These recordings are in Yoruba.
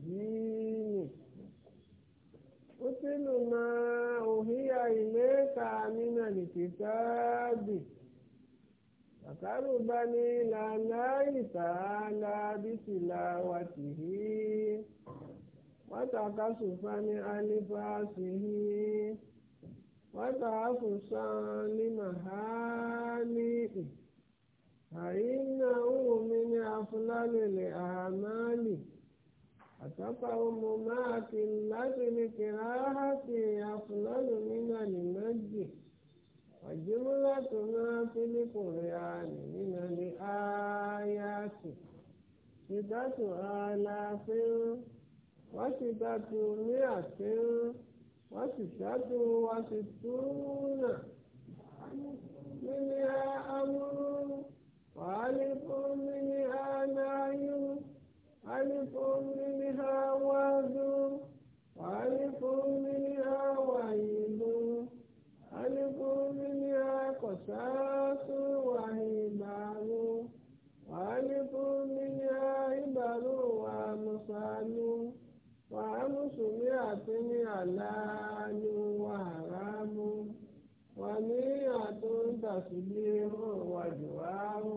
jíìnì kútìlù máa òhìyà ni nínà nìkìtàbì àkàrùbá ní lànà ìtàlá bísìlà wàtìhí wátàkàsùfà ní alifásihí wátàkùsàn ní màhálìhì àyínà òun mi ní afúlálẹ̀lẹ̀ àmàlì. أتطعم ما في النسل كراهة أفضل من المجد وجملة ما في القرآن من الآيات ستة آلاف وستة مئة وستة وستون منها أمر وألف منها نهي anụbụ mmiri ha wagụ bu mmiri ha wayibu anụbụ mmiri ha kọtatụ wayi ba anụ nwaibu mmiri haịbara ụwa amụsị anụ wa anụsụmeatụye ha naanụ wahara amụ nwaụịha atụ mbatulie wadiwaahụ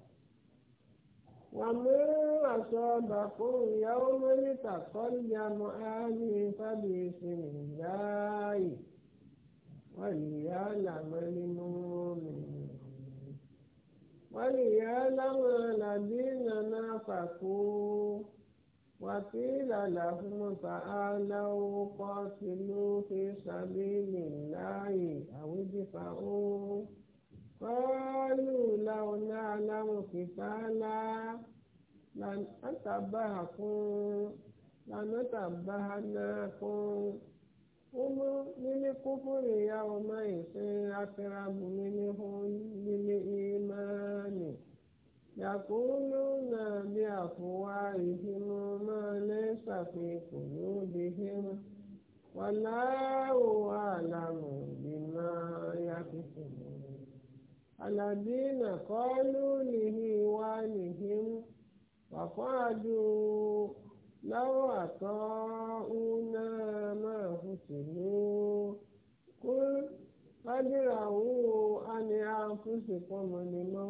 wàmú àṣọ bàkú ìyàwó mẹ́lìkà kọ́lìyàmọ́ àmì fábíyèsí nìyáàyè wàlìyàlàmọ́ ni mú mi. wàlìyàlàmọ́ làbí nàná fàkú wàkìlà làfún fàálàwò kọ́sìlú fi sàbí nìyáàyè àwùjọ fàáwò. la onealakpaataụna natabaa ụmụ n'ire kpụpụrụ ya ọma ụmar pe apịraehụ eeemenị yaka ụnụ na adị akpụwar hemma na ịpapụpụdịhe kwanaaụa anamụdị mar anadinanụhi nwae ị anatọ adụrwụ ana akụsianme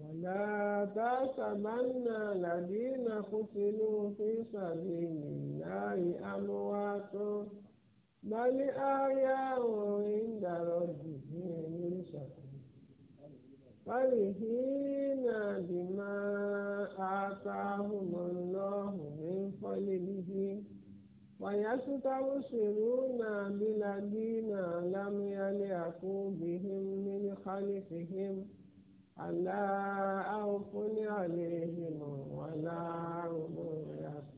ụtarkaadakaana nadina akụteke sadi narị amụwa atọ bali aya orin dàrọ jù ní ẹni ìṣàkóso bali hina bima atahumọ lọhùn ní fọlẹ níbí wàyásítàwó ṣèlú náà bíladí náà lámúyálé àkóbìhìm nínú kálífìhìm aláàáfóní àlèhìn wàláàrùn yàtọ̀.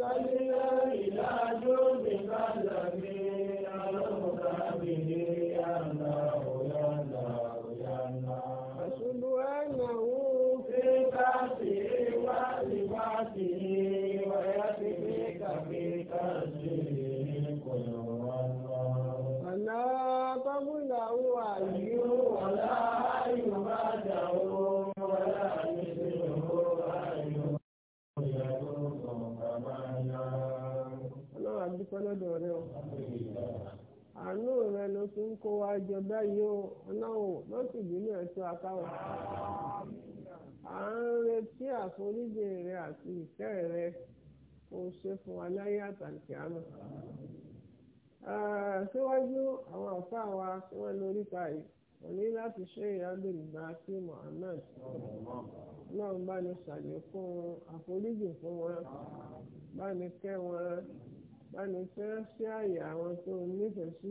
صلى jọba yìí o ọlọ́run ló sì bínú ẹ̀ṣọ́ akáwọ̀. à ń retí àforíjì rẹ àti ìfẹ́ rẹ kó o ṣe fún wa láyé àtàkì àmọ́. síwájú àwọn àfa wa tí wọ́n lórí ta yìí wọ́n ní láti ṣe ìyáàdùn ìgbà sí Muhammad náà bá ní ṣàlékún àforíjì fún wọn bá ní kẹ́ wọn báni fẹ́ sí àyè àwọn tó nífẹ̀ẹ́ sí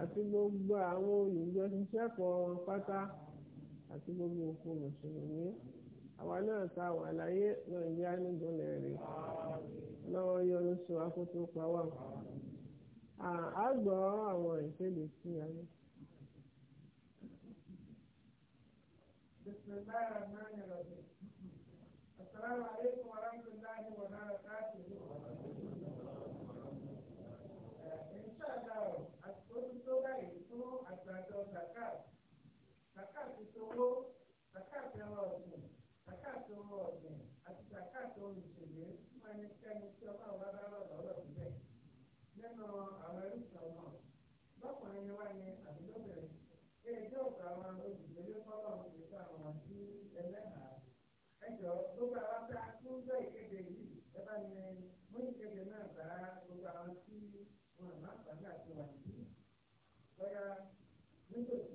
àti gbogbo àwọn olùjọsíṣẹ́pọ̀ wọn pátá àti gbogbo òkú mùsùlùmí àwa náà ta wà láyé náà yá nígbọ̀nlẹ̀ rẹ̀ lọ́wọ́ yọnu sí wa kó tó pa wà. a gbọ́ àwọn ìkéde sí ayé. بسم الله الرحمن الرحيم السلام عليكم ورحمة الله وبركاته ọ̀sìn àkáàtì ohun ọ̀sìn àti àkáàtì ohun ìṣèlú fún ẹnikẹ́ni tí ọlọ́run bá bá rọ̀ lọ́rọ̀ síbẹ̀ nínú àwọn ẹrúsìn ọmọ lọ́kùnrin ni wá ní àbílọ́bẹ̀rẹ̀ ṣé ẹjọ́ ọ̀gá wọn olùdílé fọ́lọ́ ìgbésẹ̀ àwọn tí ẹlẹ́hàá ẹjọ́ gbogbo àwọn tá a tún jọ ìkéde yìí ẹ bá ní mú ìkéde náà bá gbogbo àwọn tí wọn àmọ́ àgbàgbà ti wà níbí nítòsí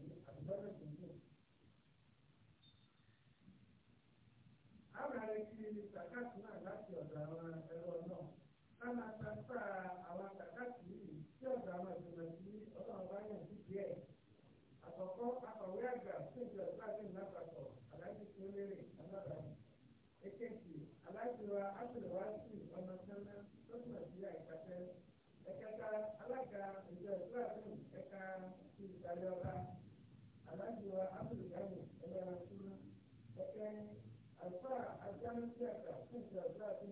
ká máa transfer àwọn àtàkàtì yìí sí ọ̀dọ̀ àwọn ìgbìmọ̀ tí ọlọ́run bá yàn sí díẹ̀. àkọ́kọ́ akọ̀wé àgbà fún ìjọ ìpàdé ìlàpàtọ̀ aláàjì tí ó lérè alábàáyé. èkejì aláàjì wa ásìlẹ̀wájú ọmọ sánná tó túnmọ̀ sí àìpàtẹ́. ẹ̀kẹta alága ìjọ ìpàdé ẹ̀ka ti ìtàlẹ́ ọba aláàjì wa ábùdùgáyè ẹ̀yà àlùfáà ajánu tíátà fún ìjọ ìpàdé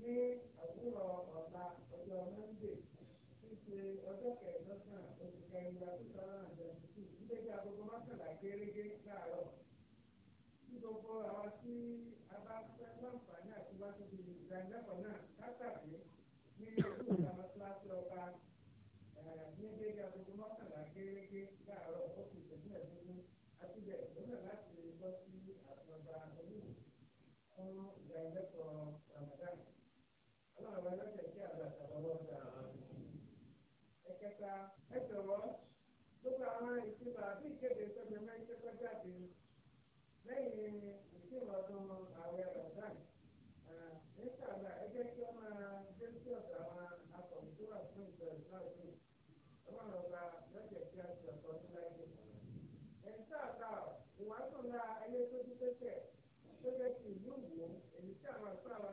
ní àwúrọ̀ ọ̀la ọjọ́ mọ́ndé ṣíṣe ọjọ́ kẹẹ̀ẹ́dọ́gbọ̀n oṣù kẹrìnlá two thousand and twenty two nígbàgbé agogo mọ́kànlá gẹ́gẹ́ láàárọ̀ tí gbogbo àwa tí a bá fẹ́ láǹfààní àti wá síbi ìdánilẹ́kọ̀ọ́ náà látàgbé ní ojú ìlànà kíláàsì ọba eh, ní gẹ́gẹ́ agogo mọ́kànlá gẹ́gẹ́ láàárọ̀ ó fi ìṣẹ́jú ẹ̀dógún àti bẹ̀rẹ̀ lọ́nà láti lọ sí àtúnọba olúwo fún ìdánilẹ́kọ̀ọ́ ẹ̀kẹta ẹ̀jọ̀wọ́ gbogbo àwọn ìṣúná àbí ìkéde sọ́jọ́ máa ń ṣẹ́kọ́ jáde lẹ́yìn ìṣúná ọdún ààrẹ rọ̀dán nígbàgbà ẹgbẹ́ tí ó máa dé sí ọ̀dọ̀ àwọn akọ̀wé tó wà fún ìjọ ìsáàbù ọlọ́run ọba lọ́jọ́ tí a ti ọ̀pọ̀ nígbà yìí. ẹ̀ńtà àgbà ìwàásùn ńlá ẹlẹ́tọ́jú tẹ́tẹ̀ tó jẹ́ ti ìlú wò àgbà wa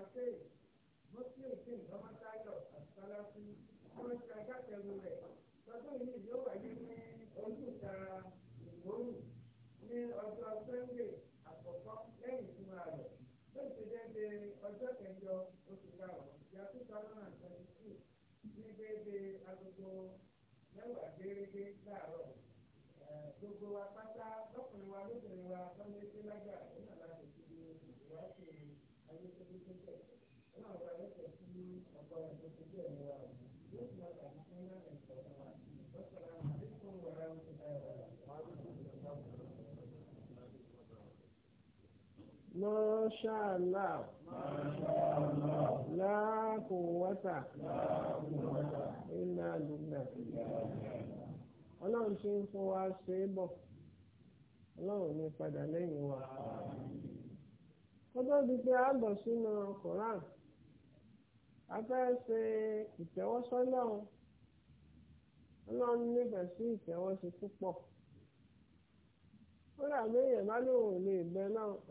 gbogbo wa pátá lọ́kùnrin wa lóbìnrin wa lọ́mọ ẹgbẹ́ lágbà nígbà láti fi di ìwádìí ayé tó tó tó tẹ̀. Ó náà wà lẹ́sẹ̀ sí ọgbọ́n ẹ̀dọ́ tó tẹ̀ ní wa. ما شاء الله لا قوة إلا بالله ọlọ́run ṣe ń fún wa ṣe é bọ̀ ọlọ́run ní padà wa di pé a koran a ṣe ìtẹ́wọ́sọ́lọ́run ọlọ́run nífẹ̀ẹ́ sí ó rà mí èèyàn bá ebe ò lè bẹ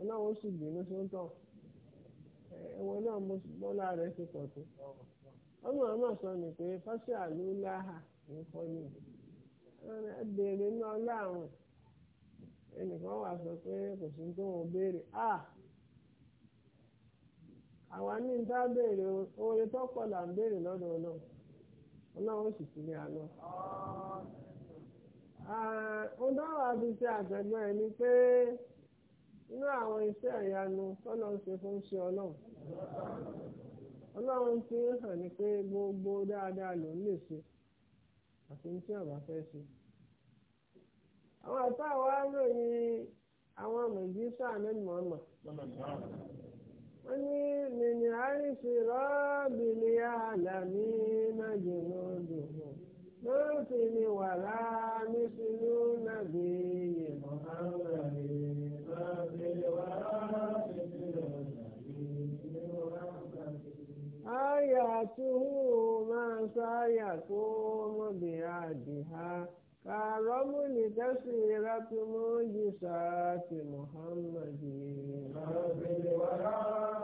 ọlọ́run sì bínú sóńtọ̀ ẹ̀wọ̀n náà mo bọ́lá rẹ̀ ti tó ọmọ ọmọ sọ ni pé fásitì àlù láhà ń kọ́ ni náà ẹnìkan wà sọ pé kò sí tó wọn béèrè à àwa ní ta béèrè oore tó kọ là ń béèrè ọdọ́wà eh, fi ṣe àtẹ̀gbọ́n ẹ̀ ni pé inú àwọn iṣẹ́ ìyanu tọ́lọ́run ṣe fún ṣe ọlọ́run ọlọ́run ti ń hàn ní gbogbo dáadáa lòún lè ṣe àti ní tí ọba fẹ́ ṣe. àwọn àtọ́ àwa ròyìn àwọn mẹ̀jísà lẹ́nu ọmọ. wọ́n ní mìíní àríṣì ni májèlú ọdún wàrà. يقوم بعهدها كرمل كثيرة موجسات محمد رب الورى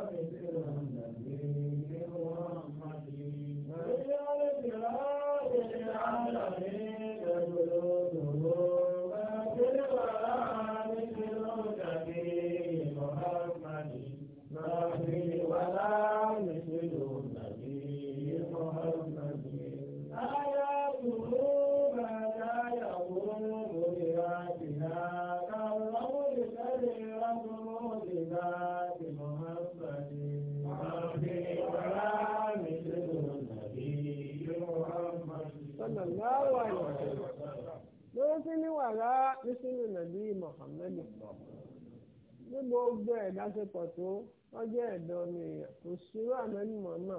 gbogbo ẹ̀dá ṣe tó ọjọ́ ẹ̀dọ́ ọmọ kò sírò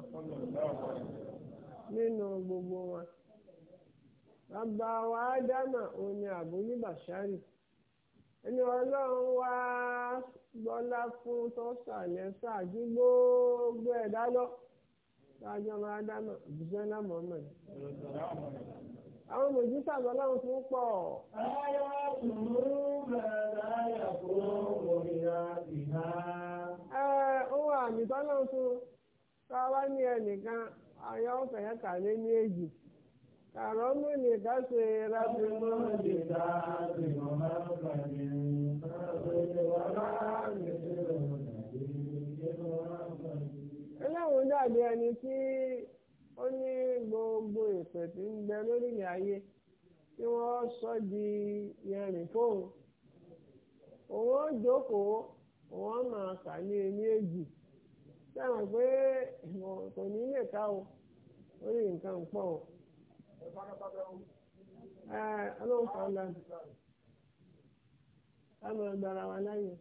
fọmọ nínú gbogbo wọn. bàbá wa ádámà òun ni àbúlí bàṣárì ẹni ọlọ́run wá fún ṣáàjú gbogbo òjíṣẹ́ àwọn mòjísà lọ́lọ́run pọ̀. ụwa àmì tọ́lọ́ kawa ká wá ní ẹnìkan ya ka kà lé ní èjì kàrọ́ mú ní Ka ṣe rábì mọ́ lè dá gbogbo ìpè tí lori gbẹ lórílẹ̀ ayé di yẹrìn fóun wọ́n máa kà ní ẹni èjì sáwọn pé kò ní lè ká o orí nǹkan pọ̀ ká máa gbára wa láyè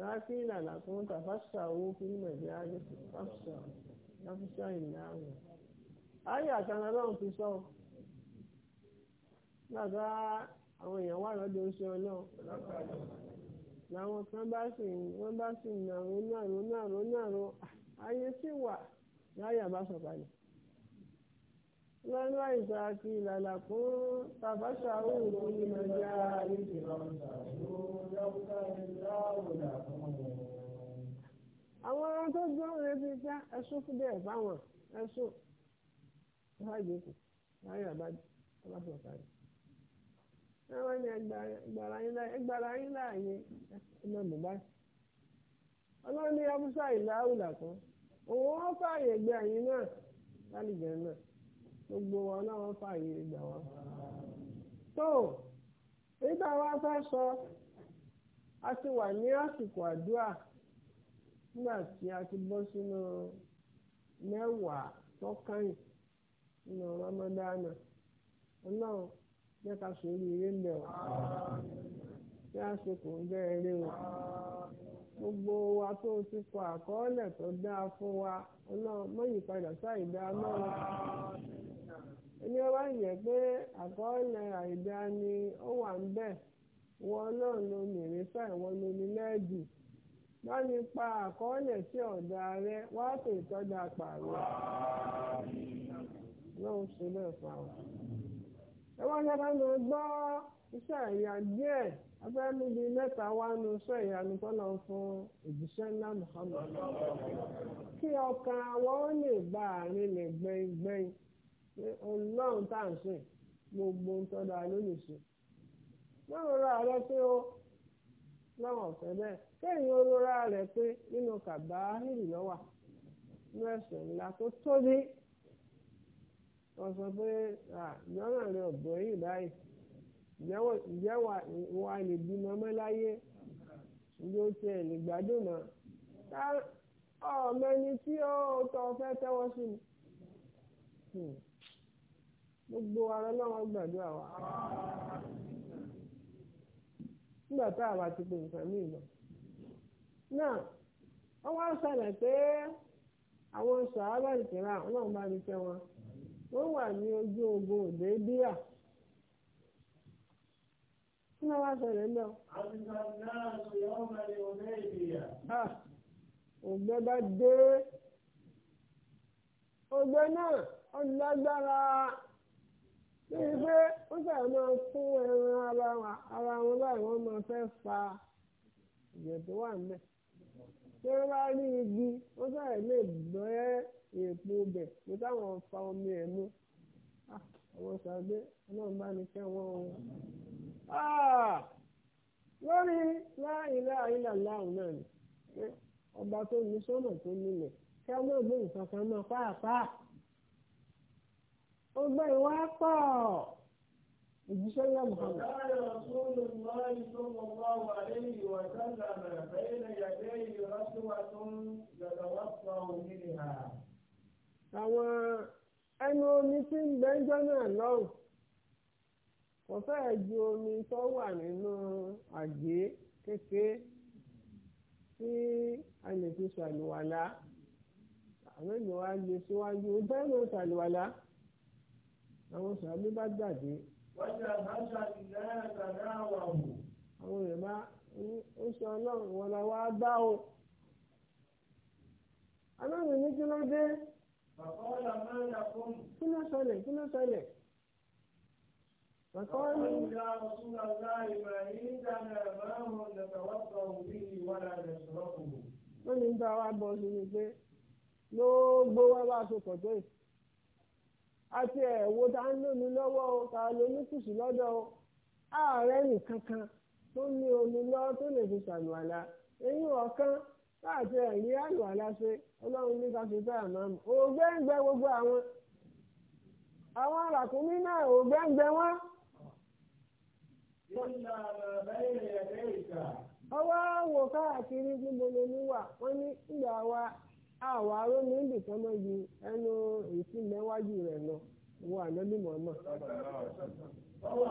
láti ìlànà tó ń tàfàṣà owó fún nàìjíríà fàṣà àwọn. ayé ọlọ́run sọ gbàgbá làwọn kan bá sì wọ́n bá sì nàró nàró nàró nàró ayé sì wà láyà bá sọ̀kalẹ̀. lọ́nà ìgbà àti ìlànà fún tàbáṣà òòrùn ní nàìjíríà àwọn ọmọ tó gbọ́ rẹ̀ ti ká ẹ̀sùn fún bẹ́ẹ̀ fáwọn ẹ̀sùn fáìgbèkù láyà bá sọ̀kalẹ̀ wọ́n ní ẹgbàrá yín láàyè ọmọ bùbá ọlọ́run ní abúsá ìlàhùlà kan òun wọ́n fààyè gbé àyín náà lálùjẹ náà gbogbo wọn náà wọ́n fààyè gbà wọ́n. tó nígbà wa fẹ́ sọ a ti wà ní àsìkò àdúrà nígbà tí a ti bọ́ sínú mẹ́wàá tọ́kàn nínú ramadana ọlọ́run. jẹ́ ká sọ orí eré ńlẹ̀ o jẹ́ ká kò gbogbo wa tó ti kọ àkọọ́lẹ̀ tó dáa fún wa ọlọ́run padà sáìdá náà ẹni ọba yẹ pé àkọọ́lẹ̀ àìdá ni ó wà ń ló mèrè sáì ló ní lẹ́ẹ̀dì bá mi pa àkọọ́lẹ̀ sí ọ̀dà rẹ wá pè tọ́jà pààrọ̀ lọ́hùn wọ́n ṣe fẹ́ lọ gbọ́ iṣẹ́ ẹ̀yà díẹ̀ afẹ́ níbi mẹ́ta wá nu iṣẹ́ ìyanu tọ́lọ fún òjíṣẹ́ ńlá kí ọkàn wọn lè bá àárín lè gbẹ̀yìn gbẹ̀yìn ọlọ́run tá à ń sìn gbogbo ń tọ́da rẹ pé ó lọ́wọ́ ọ̀fẹ́ bẹ́ẹ̀ rẹ pé wọ́n sọ pé lọ́nà rẹ̀ ọ̀bọ̀ yìí báyìí ìjẹ́ wa lè bímọ mọ́ láyé ló tiẹ̀ lè gbádùn mọ́ ọmọ ẹni tí ó tọ́ fẹ́ tẹ́wọ́ sí mi hmm. gbogbo ara lọ́wọ́ gbàdúrà wa nígbà tá a wà ti pè nǹkan mí lọ náà wọ́n wá ṣàlẹ̀ pé àwọn sàárà ìkìlá ọlọ́run bá mi tẹ́ wọn. wọ́n wà ní ojú ogun òdèébíà kí ló wá ṣẹlẹ̀ lọ. ògbẹ́ bá dé ògbẹ́ náà ọlágbára lórí pé ó sàrẹ̀ máa fún ẹran ara wọn báyìí wọ́n máa fẹ́ fa ìyẹ̀tọ̀ wà ń bẹ̀. tí wọ́n bá rí igi ó sàrẹ̀ lè bẹ́ẹ̀. èèpo bẹ̀ táwọn fa omi ẹ̀ mú ah, àwọn sàgbé ọlọ́run bá ah! ní kẹ́ wọ́n o. lórí láìlá náà ni ọba tó ní sọ́nà tó nílẹ̀ kí ọmọ ìgbé nǹkan kan náà pàápàá. ó gbé ìwà pọ̀ ìjíṣẹ́ ọ̀gá àwọn ẹnu omi tí ń gbẹ́jọ́ náà lọ́hùn kò fẹ́ẹ̀ ju omi tó wà nínú àgé kékeré tí a lè fi ṣàlùwàlá àwọn èèyàn wa gbé síwájú ó bẹ́ẹ̀ lọ ṣàlùwàlá àwọn sàbí bá jáde. àwọn èèyàn bá ó ṣe ọlọ́run wọn la wá bá o. aláàmì ní kí ló dé kí ló ṣẹlẹ̀ kí ló ṣẹlẹ̀. فقالوا يا رسول الله ما عندنا ماء نتوضا به ولا نشربه. wọ́n ní bá wa bọ̀ sí ni pé ló gbó wá bá a yìí àti ẹ̀wò tá ń lómi lọ́wọ́ o tá a lómi kùsù lọ́dọ̀ o ààrẹ nìkankan tó ní omi lọ́ tó lè fi ṣàlùwàlà eyín ọ̀kan láti ẹ̀rí àlù aláṣẹ ọlọ́run ní káfíńtà àmàmù ògbẹ́ǹgbẹ́ gbogbo àwọn àwọn ràkúnmí náà ògbẹ́ǹgbẹ́ wọn. ọwọ́ wò káàkiri tí mo lè níwà wọ́n ní ìgbà wa àwa arómi ń dìkan mọ́ ju ẹnu ìtìlẹ́wájú rẹ̀ lọ wo ànábì ọwọ́ kan àwọn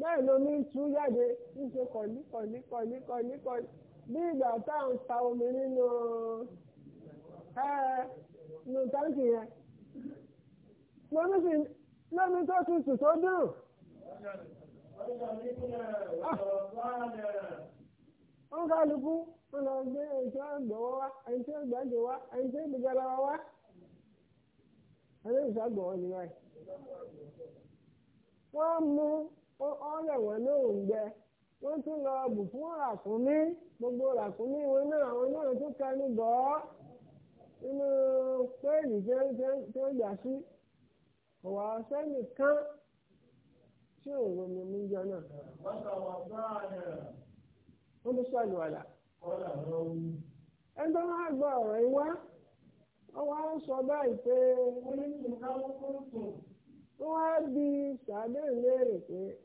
bẹ́ẹ̀ lomi tú jáde níṣe kọ̀lí bí ìgbà tá à ń ta omi nínú nínú táǹkì yẹn lómi tó tutù tó dùn. ó ń lọ gbé gbọ́wọ́ wá wá wá gbọ́wọ́ ni wáyé. wọ́n mú. ọ rẹ̀ wọ́n lóhùn gbẹ wọ́n tún lọ bù fún ràkúnmí gbogbo ràkúnmí wọn náà àwọn náà tún kẹnu nínú péèlì gbà sí tí ò mú náà. wọ́n tún tó máa gbọ́ ọ̀rọ̀ yìí wá ọwọ́ sọ báyìí pé á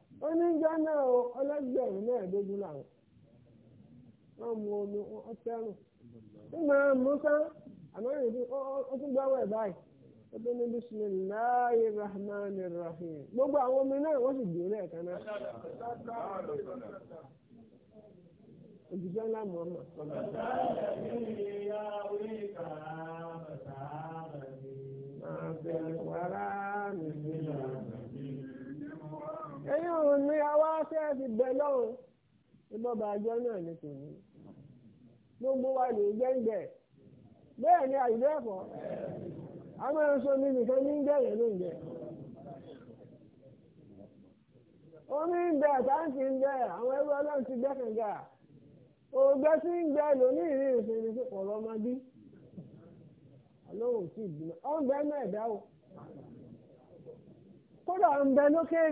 oníjọ́ náà ọlọ́gbẹ̀rún mẹ́ẹ̀ẹ́dógún làwọn wọ́n mu omi ọ̀sẹ́rùn nígbà musa àmọ́rin ìdí ó tún gbáwọ́ ebe báyìí ó tó rahman rahim gbogbo awọn omi náà wọ́n sì òun ni àwa fẹ́ fi bẹ lọ́run ìbọ̀bà àjọ náà ní gbogbo wa lè gbẹ́ngbẹ́ bẹ́ẹ̀ ni àìbẹ́ a máa mi nìkan ní gbẹ̀yẹ̀ ló ń jẹ omi ń bẹ àtàǹtì ń bẹ àwọn ẹgbẹ́ ọlọ́run ti gbẹ́kànga òògbẹ́ tí ń gbẹ lóní ìrìn ìsinmi fún ọ̀rọ̀ ọmọdé ọlọ́run ò tí ì ọ̀ ń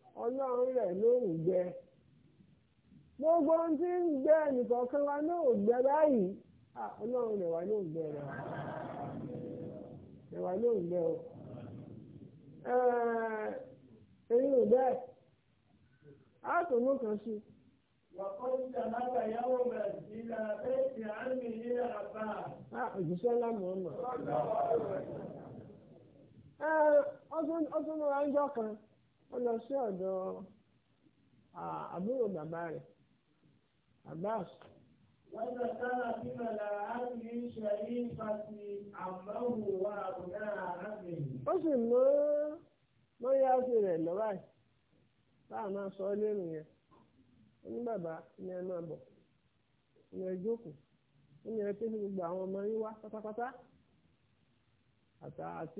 ọlọ́run rẹ̀ lóhùn gbẹ gbogbo ohun tí ń gbẹ nìkọ̀ọ̀kan wa gbẹ báyìí ọlọ́run rẹ̀ wá lóhùn gbẹ rẹ̀ rẹ̀ wá gbẹ o ò bẹ́ẹ̀ á mú kan sí. ló wá ń jọ kan. ó lọ sí ọ̀dọ̀ àbúrò bàbá rẹ̀ abbas. wọ́n sára sí mẹ́la láti ṣe ìfàsí àmọ́hù wa àbúrò àrábìn. ó sì mú lóyá sí rẹ̀ lọ́wọ́ ẹ̀ bá a máa sọ ọ́ yẹn ó ní bàbá ni ẹ máa bọ̀ ni ẹ jókòó ẹ gbogbo àwọn ọmọ yín wá pátápátá àti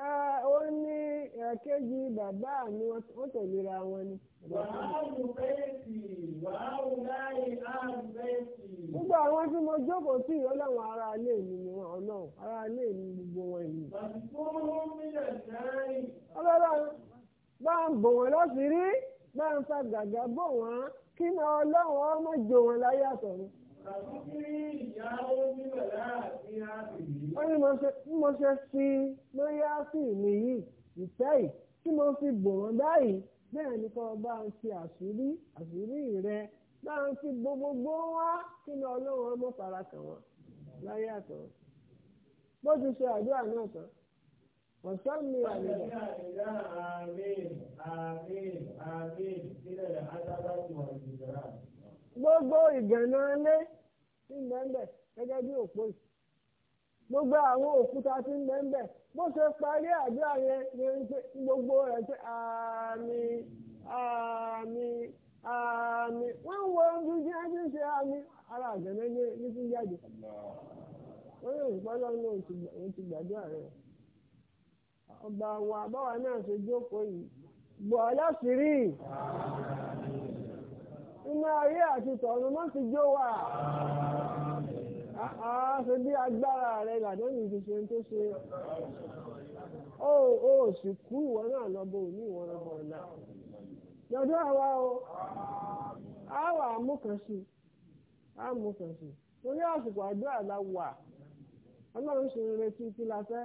Ah, ó ní ẹ̀kejì bàbá mi wọ́n tẹ̀léra wọn ni. wàhálù bẹ́ẹ̀sì wàhálù láyé áàlù bẹ́ẹ̀sì. gbogbo àwọn tí mo jókòó sí ìyọ́ láwọn ará ilé mi ni wọn ọ̀nà ará ilé mi gbogbo wọn yìí. bàtìkú mílẹ̀ náírì. ọlọ́run bá ń bò wọ́n lọ́sìírí bá ń fa gàgà bò wọ́n kí ni ọlọ́run ọmọ jò wọ́n láyé àtọ̀run wọ́n ní mo ṣe fi lórí áásì mi yìí ìfẹ́ yìí tí mo fi bò wọ́n báyìí bẹ́ẹ̀ ni kọ́ bá ń fi àṣírí àṣírí rẹ bá ń fi gbogbogbò wá kí ni ọlọ́run ọmọ fara kàn wọ́n láyé àtọ̀ bó ti ṣe àdúrà náà tán ọ̀sán mi àlejò. gbogbo ìgànnà ilé. ń bẹ́ńbẹ́ gẹ́gẹ́ bí òpó yìí gbogbo àwọn òkúta tí ń bẹ́ńbẹ́ bó ṣe parí àdúrà yẹn ni gbogbo àmì àmì àmì wo ojú tí ṣe bí agbára rẹ̀ làdẹ́nì ti ṣe tó ṣe ó ó sì kú ìwọ náà lọ́bọ̀ òní ìwọ lọ́bọ̀ ọ̀la lọ́dọ̀ àwa o á wà amúkànṣe á múkànṣe torí àsìkò àdúrà la wà ọlọ́run ṣe retí kí la fẹ́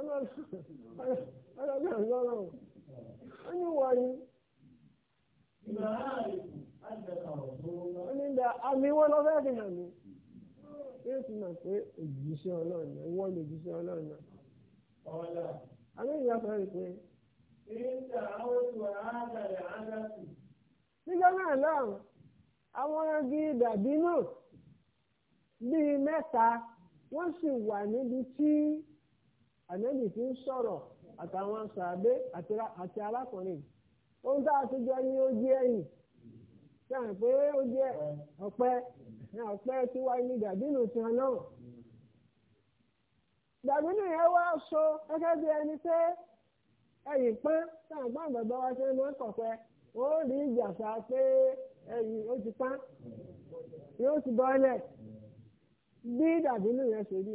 ọlọ́dún lọ́rọ̀ ó Onye wọ̀nyí. ó ní da àmì wọn lọ fẹ́ẹ́ fi hàn mí. yóò ti mọ̀ pé òjìṣẹ́ ànẹ́bì tí ń sọ̀rọ̀ àtàwọn sàbẹ́ àti arákùnrin ohun tá a ti jọ ní ó ẹ̀yìn sáà pé ó jẹ́ ọ̀pẹ́, ní tí wáyé ní dàbínú ti náà dàbínú yẹn wá so gẹ́gẹ́ bí ẹni pé ẹ̀yìn pán, sáà bàbá wa ṣe ń lọ kọ̀pẹ́ ó rí pé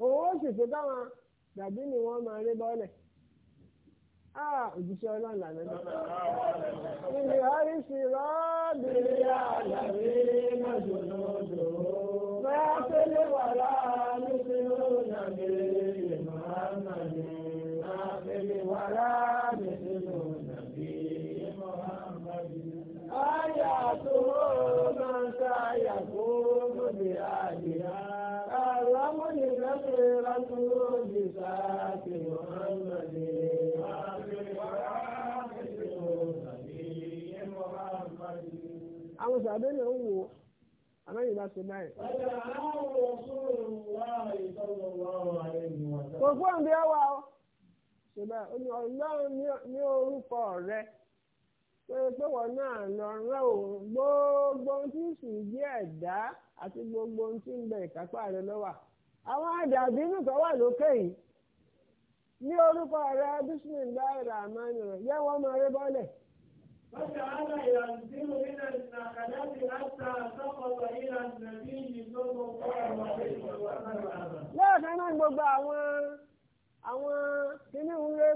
òun ó ṣètò báwọn dàbí ni wọ́n máa rí bọ́ọ̀lẹ̀ òjíṣẹ́ ọlọ́run lànà ní. ìlú àríṣì rọ́ọ̀bì àlàyé májòlódò. bá a tó lè wà láàárín. àwọn sàbẹ̀ náà ń ahụ àmẹ́yìn bá ṣe báyìí. kò fún ọ̀dẹ́ ọwà ṣe báyìí ọlọ́run ní orúkọ rẹ pé wọ́n náà lọ rán òun gbogbo ohun tí ń sùn jẹ́ ẹ̀dá àti gbogbo ohun tí ń bẹ ìkápá rẹ lọ́wọ́. àwọn àjàbí inú kan wà lókè yìí ní orúkọ rẹ bismillah rahman rahim yẹ wọn máa rí bọ́lẹ̀. فجعل ينزل من النخلة حتى سقط إلى النبي صلى الله عليه وسلم. lẹ́ẹ̀kan náà gbogbo àwọn àwọn ń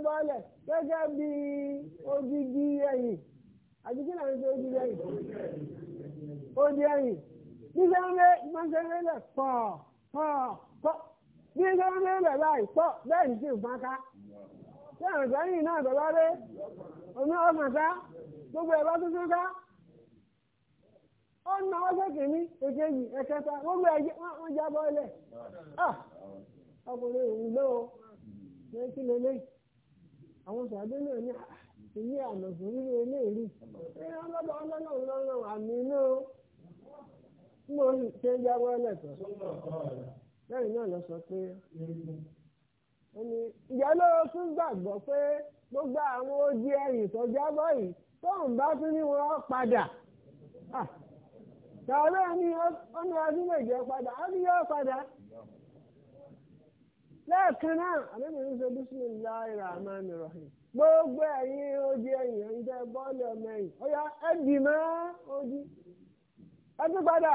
bọ́lẹ̀ gẹ́gẹ́ bí ẹ̀yìn àti kí náà ń ṣe ẹ̀yìn ẹ̀yìn bí sẹ́ńdé máa ń ṣe pọ̀ pọ̀. pọ́ bí ẹgbẹ́ wọn bẹ̀rẹ̀ báyìí pọ́ bẹ́ẹ̀ ní sí nǹkan ká tí àwọn ìgbẹ́yìn náà bàbá rẹ omi ọ̀sán ká gbogbo ẹ̀bá tuntun ká ó na wọ́n sẹ́kì ní èkejì ẹ̀kẹta gbogbo ẹ̀jẹ̀ wọ́n jábọ́ ilẹ̀ ah! ọkùnrin òun ló ṣe kí lélẹ́yìí àwọn sàdé náà ní ilé ah, àlọ́sùn nínú ilé ìlú ẹ̀yà ọlọ́dọ̀ ọlọ́dọ̀ ọlọ́dọ̀ àmì náà mo ṣe jábọ́ ẹlẹ́tọ̀ọ́. lẹ́yìn náà lọ sọ pé ó ní ìyálóró tún gbàgbọ́ pé gbogbo àwọn ojú ẹ̀yìn tó jábọ́ yìí tóun bá tún ní wọn padà tààrà ọdún méje padà ọdún yóò padà lẹ́ẹ̀kan náà ṣe gbogbo ojú ẹ̀yìn bọ́ọ̀lù ọmọ ẹ̀yìn ẹ̀dì mọ́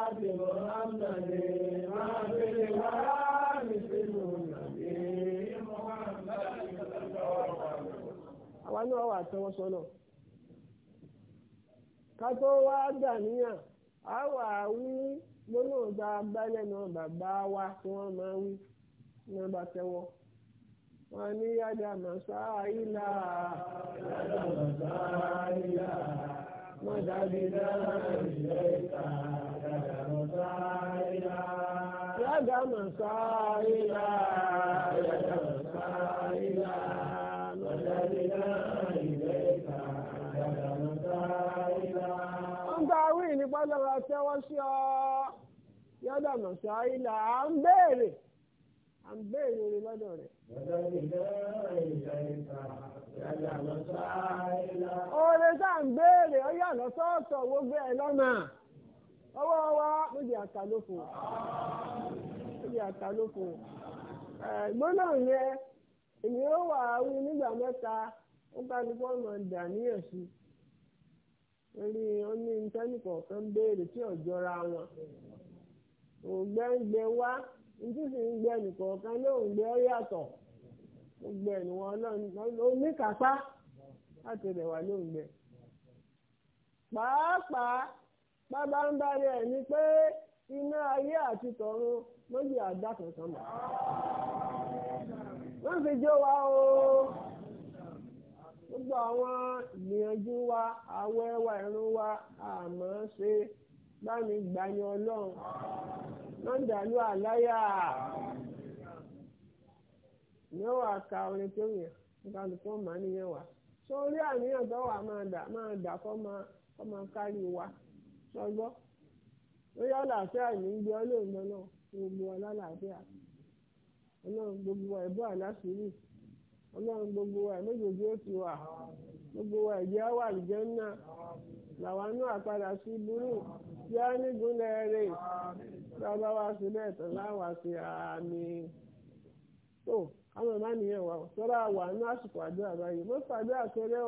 àwa náà wà tẹ́wọ́ sọ́nà ká tó wá dàníyàn a wà wí gbólóògbà abálẹ̀ náà bàbá wa tí wọ́n máa wí náà bá tẹ́wọ́ wọ́n ní yáda màsá ilà yáda màsá ilà mọ́tàbí náà ìlẹ̀ ìta yáda màsá ilà yáda màsá ilà lọ́wọ́ tẹ́wọ́ sí ọ yọ́dọ̀ mọ̀sọ́ ilà à ń béèrè à ń béèrè rẹ lọ́dọ̀ rẹ̀. oore tá ń béèrè ó yà lọ́sọ̀ọ̀sọ̀ gbogbo ẹ̀ lọ́nà ọwọ́ wa lóde àtàlófò lóde àtàlófò gbọ́dọ̀ yẹn èmi ó wà á wí nígbà mẹ́ta ó bá ní ọ̀dà níyẹn sí i. orí oní ìtẹ́nìkọ̀ọ̀kan béèrè tí ra wọn ògbẹ́ ń gbé wá ntí sì ń gbẹ nìkọ̀ọ̀kan ló ń gbé ọ gbogbo ẹ̀nu wọn oníkàpá láti rẹ̀ wá ló ń gbẹ. pàápàá bábá ń ni pé iná ayé àti gbogbo àwọn ìgbìyànjú wa àwọ̀ ẹwà ìrun wa àmọ́ ṣe báni gbani ọlọ́run lọ́dàlú àláyà ìyẹn wà orin tó yẹn nípa lùpọ̀ màá nìyẹn wà so orí àníyàn tó wà máa dà máa dà kọ́ máa kárí wa sọgbọ́ àlàáfíà ní gbé ọlọ́run gbogbo ọlọ́run gbogbo ẹ̀bọ́ ọlọ́run gbogbo wa méjèèjì ó ti wà gbogbo wa nna wà ìjẹ́ náà làwọn náà padà sí burú tí a nígun lẹ́ẹ̀rẹ́ bàbá wa sí bẹ́ẹ̀ tán sí àmì tó àwọn ìmánìyàn wa sọ́ra wà ní àsìkò àdúrà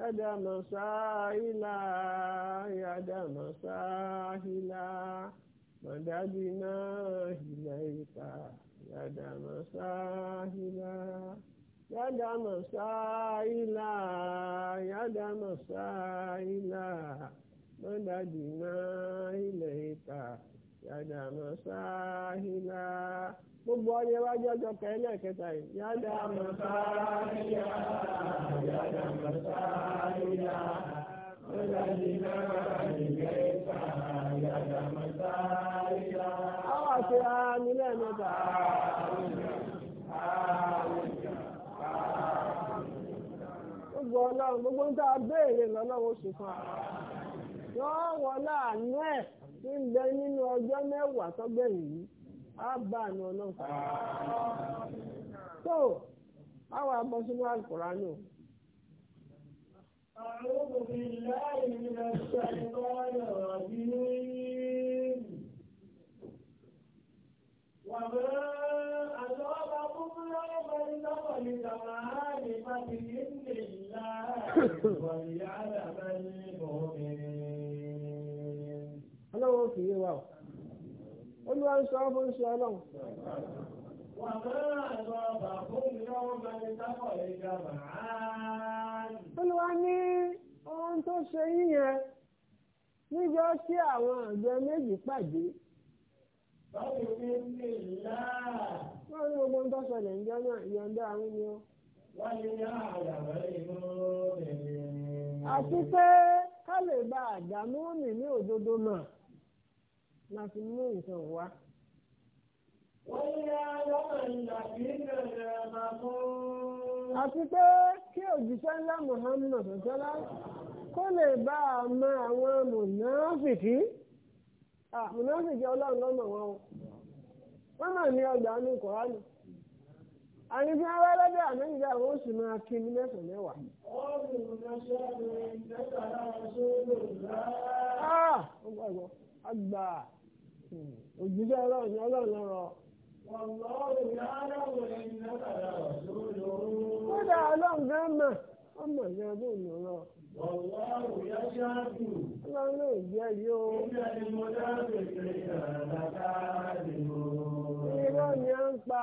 yàdà mọ̀sáhìlá yàdà mọ̀sáhìlá mọ̀dájú náà ìlà ìta yàdà mọ̀sáhìlá yàdà mọ̀sáhìlá yàdà mọ̀sáhìlá mọ̀dájú náà ìlà ìta. yàda mọ̀sáhìlá gbogbo ọyẹ wájú ọjọ́ kẹlẹ́ kẹta yìí yàda mọ̀sáhìlá yàda mọ̀sáhìlá ọ̀làjìnà ìgbẹ́ta yàda mọ̀sáhìlá. àwọn àti àmì lẹ́ẹ̀mẹ́ta. gbogbo ọlọ́run gbogbo ń tá a béèrè lọ́lọ́run oṣù kan. yọ wọ láàánú ẹ̀. tí ń bẹ nínú ọjọ́ mẹ́wàá tọ́gbẹ̀yìn yìí á bá àánú ọlọ́run àwọn abọ́sínú àkùránù. أعوذ بالله من الشيطان الرجيم وما أصابكم يوم ọlọ́run kì í wà ó olúwa ń sọ ọ́ fún ṣe ọlọ́run. olúwa ní ohun tó ṣe yíyẹn níjọ́ sí àwọn àgbẹ̀ méjì pàdé. báwo ni mi là. wọ́n ní gbogbo ń tọ́ sọlẹ̀ ń jẹ́ náà ìyọ̀ǹda àwọn ni ó. wọ́n ní ní àyàwó ìlú bẹ̀rẹ̀. àti pé ká lè bá àdámúnì ní òdodo náà la fi mú nǹkan wá. Àti pé kí òjíṣẹ́ ńlá Muhammad Ṣọlá kó lè bá a mọ àwọn mùnáfìkì. Mùnáfìkì ọlọ́run lọ́mọ wọn o. Wọ́n mọ̀ ní ọgbà ní Kọ̀ọ̀ánù. Àní bí wọ́n wá lọ́dọ̀ àmẹ́yìnbá àwọn oṣù máa kí ní mẹ́sàn-án mẹ́wàá. Ó gbàgbọ́, àgbà. òjijì ọlọ́run ọlọ́run lọ́rọ̀. kódà ọlọ́run gan mọ̀ ó mọ̀ ní ọdún ìmọ̀ràn. ọlọ́run ló jẹ́ yóò. irọ́ ni a ń pa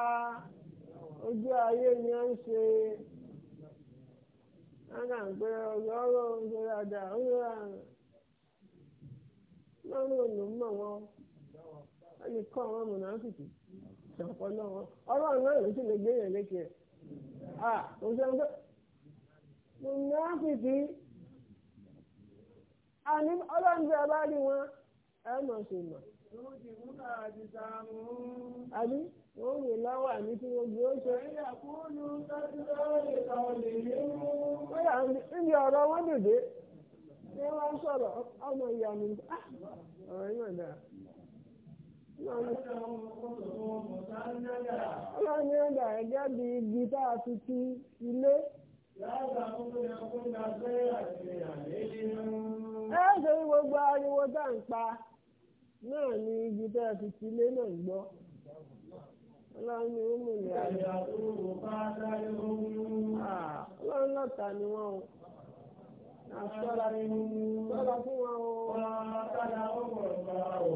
ojú ayé ni a ń ṣe gbe ọrụ ahụ. lè kọ́ àwọn mọ̀nàfíìkì ṣàpọ̀ náà wọn ọlọ́run náà ló sì lè gbé yẹn lékè ẹ̀ àní ọlọ́run bí rí wọn ẹ mọ̀ sí mọ̀. àbí wọ́n tí wọ́n gbé níbi ọ̀rọ̀ wọ́n sọ̀rọ̀ ọmọ ìyá mi Ọlọ́run ní ọ̀dà ẹ̀jẹ̀ bí igi tá a fi ti ilé. Ẹ ṣe ní gbogbo ariwo tá à ń pa náà ní igi tá a fi ti ilé náà gbọ́. Ọlọ́run ní ọmọ ìyá rẹ̀. Ọlọ́run lọ́ta ni wọ́n o. Àṣọ́ra fún wọn o. Ọlọ́run lọ́ta ni wọ́n o.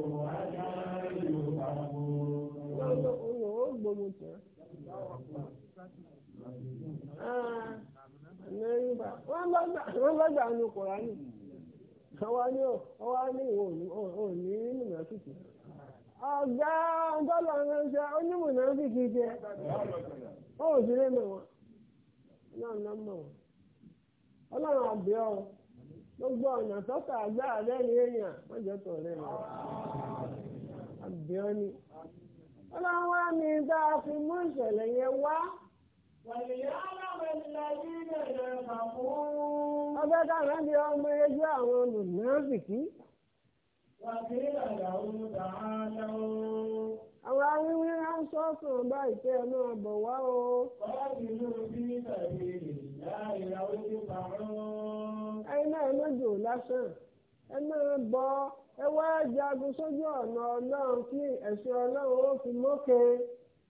wọ́n lọ́gbà ní kòránì ọwá ní ní òní mùnàfíkì ọ̀gá ọgọ́lọ̀ ránṣẹ́ onímùnàfíkì jẹ́ ó sì lè mọ̀ náà náà mọ̀ ọlọ́run àbẹ̀ ọ gbogbo ọ̀nà sọ́kà àgbà rẹ̀ ní èèyàn wọ́n jẹ́ tọ̀ rẹ̀ lọ àbẹ̀ ọ ni ọlọ́run wá ní bá a fi mú ìṣẹ̀lẹ̀ yẹn wá. Ọjọ́ táwọn ẹni ọmọ ẹjọ́ àwọn olùmọ́sìkí. Àwọn awíwí á ń sọ́kàn ọba ìfẹ́ wá o. Ẹyin náà lásán. Ẹ máa bọ ẹ wá jagun sójú ọ̀nà Ọlọ́run kí ẹ̀sìn Ọlọ́run ó fi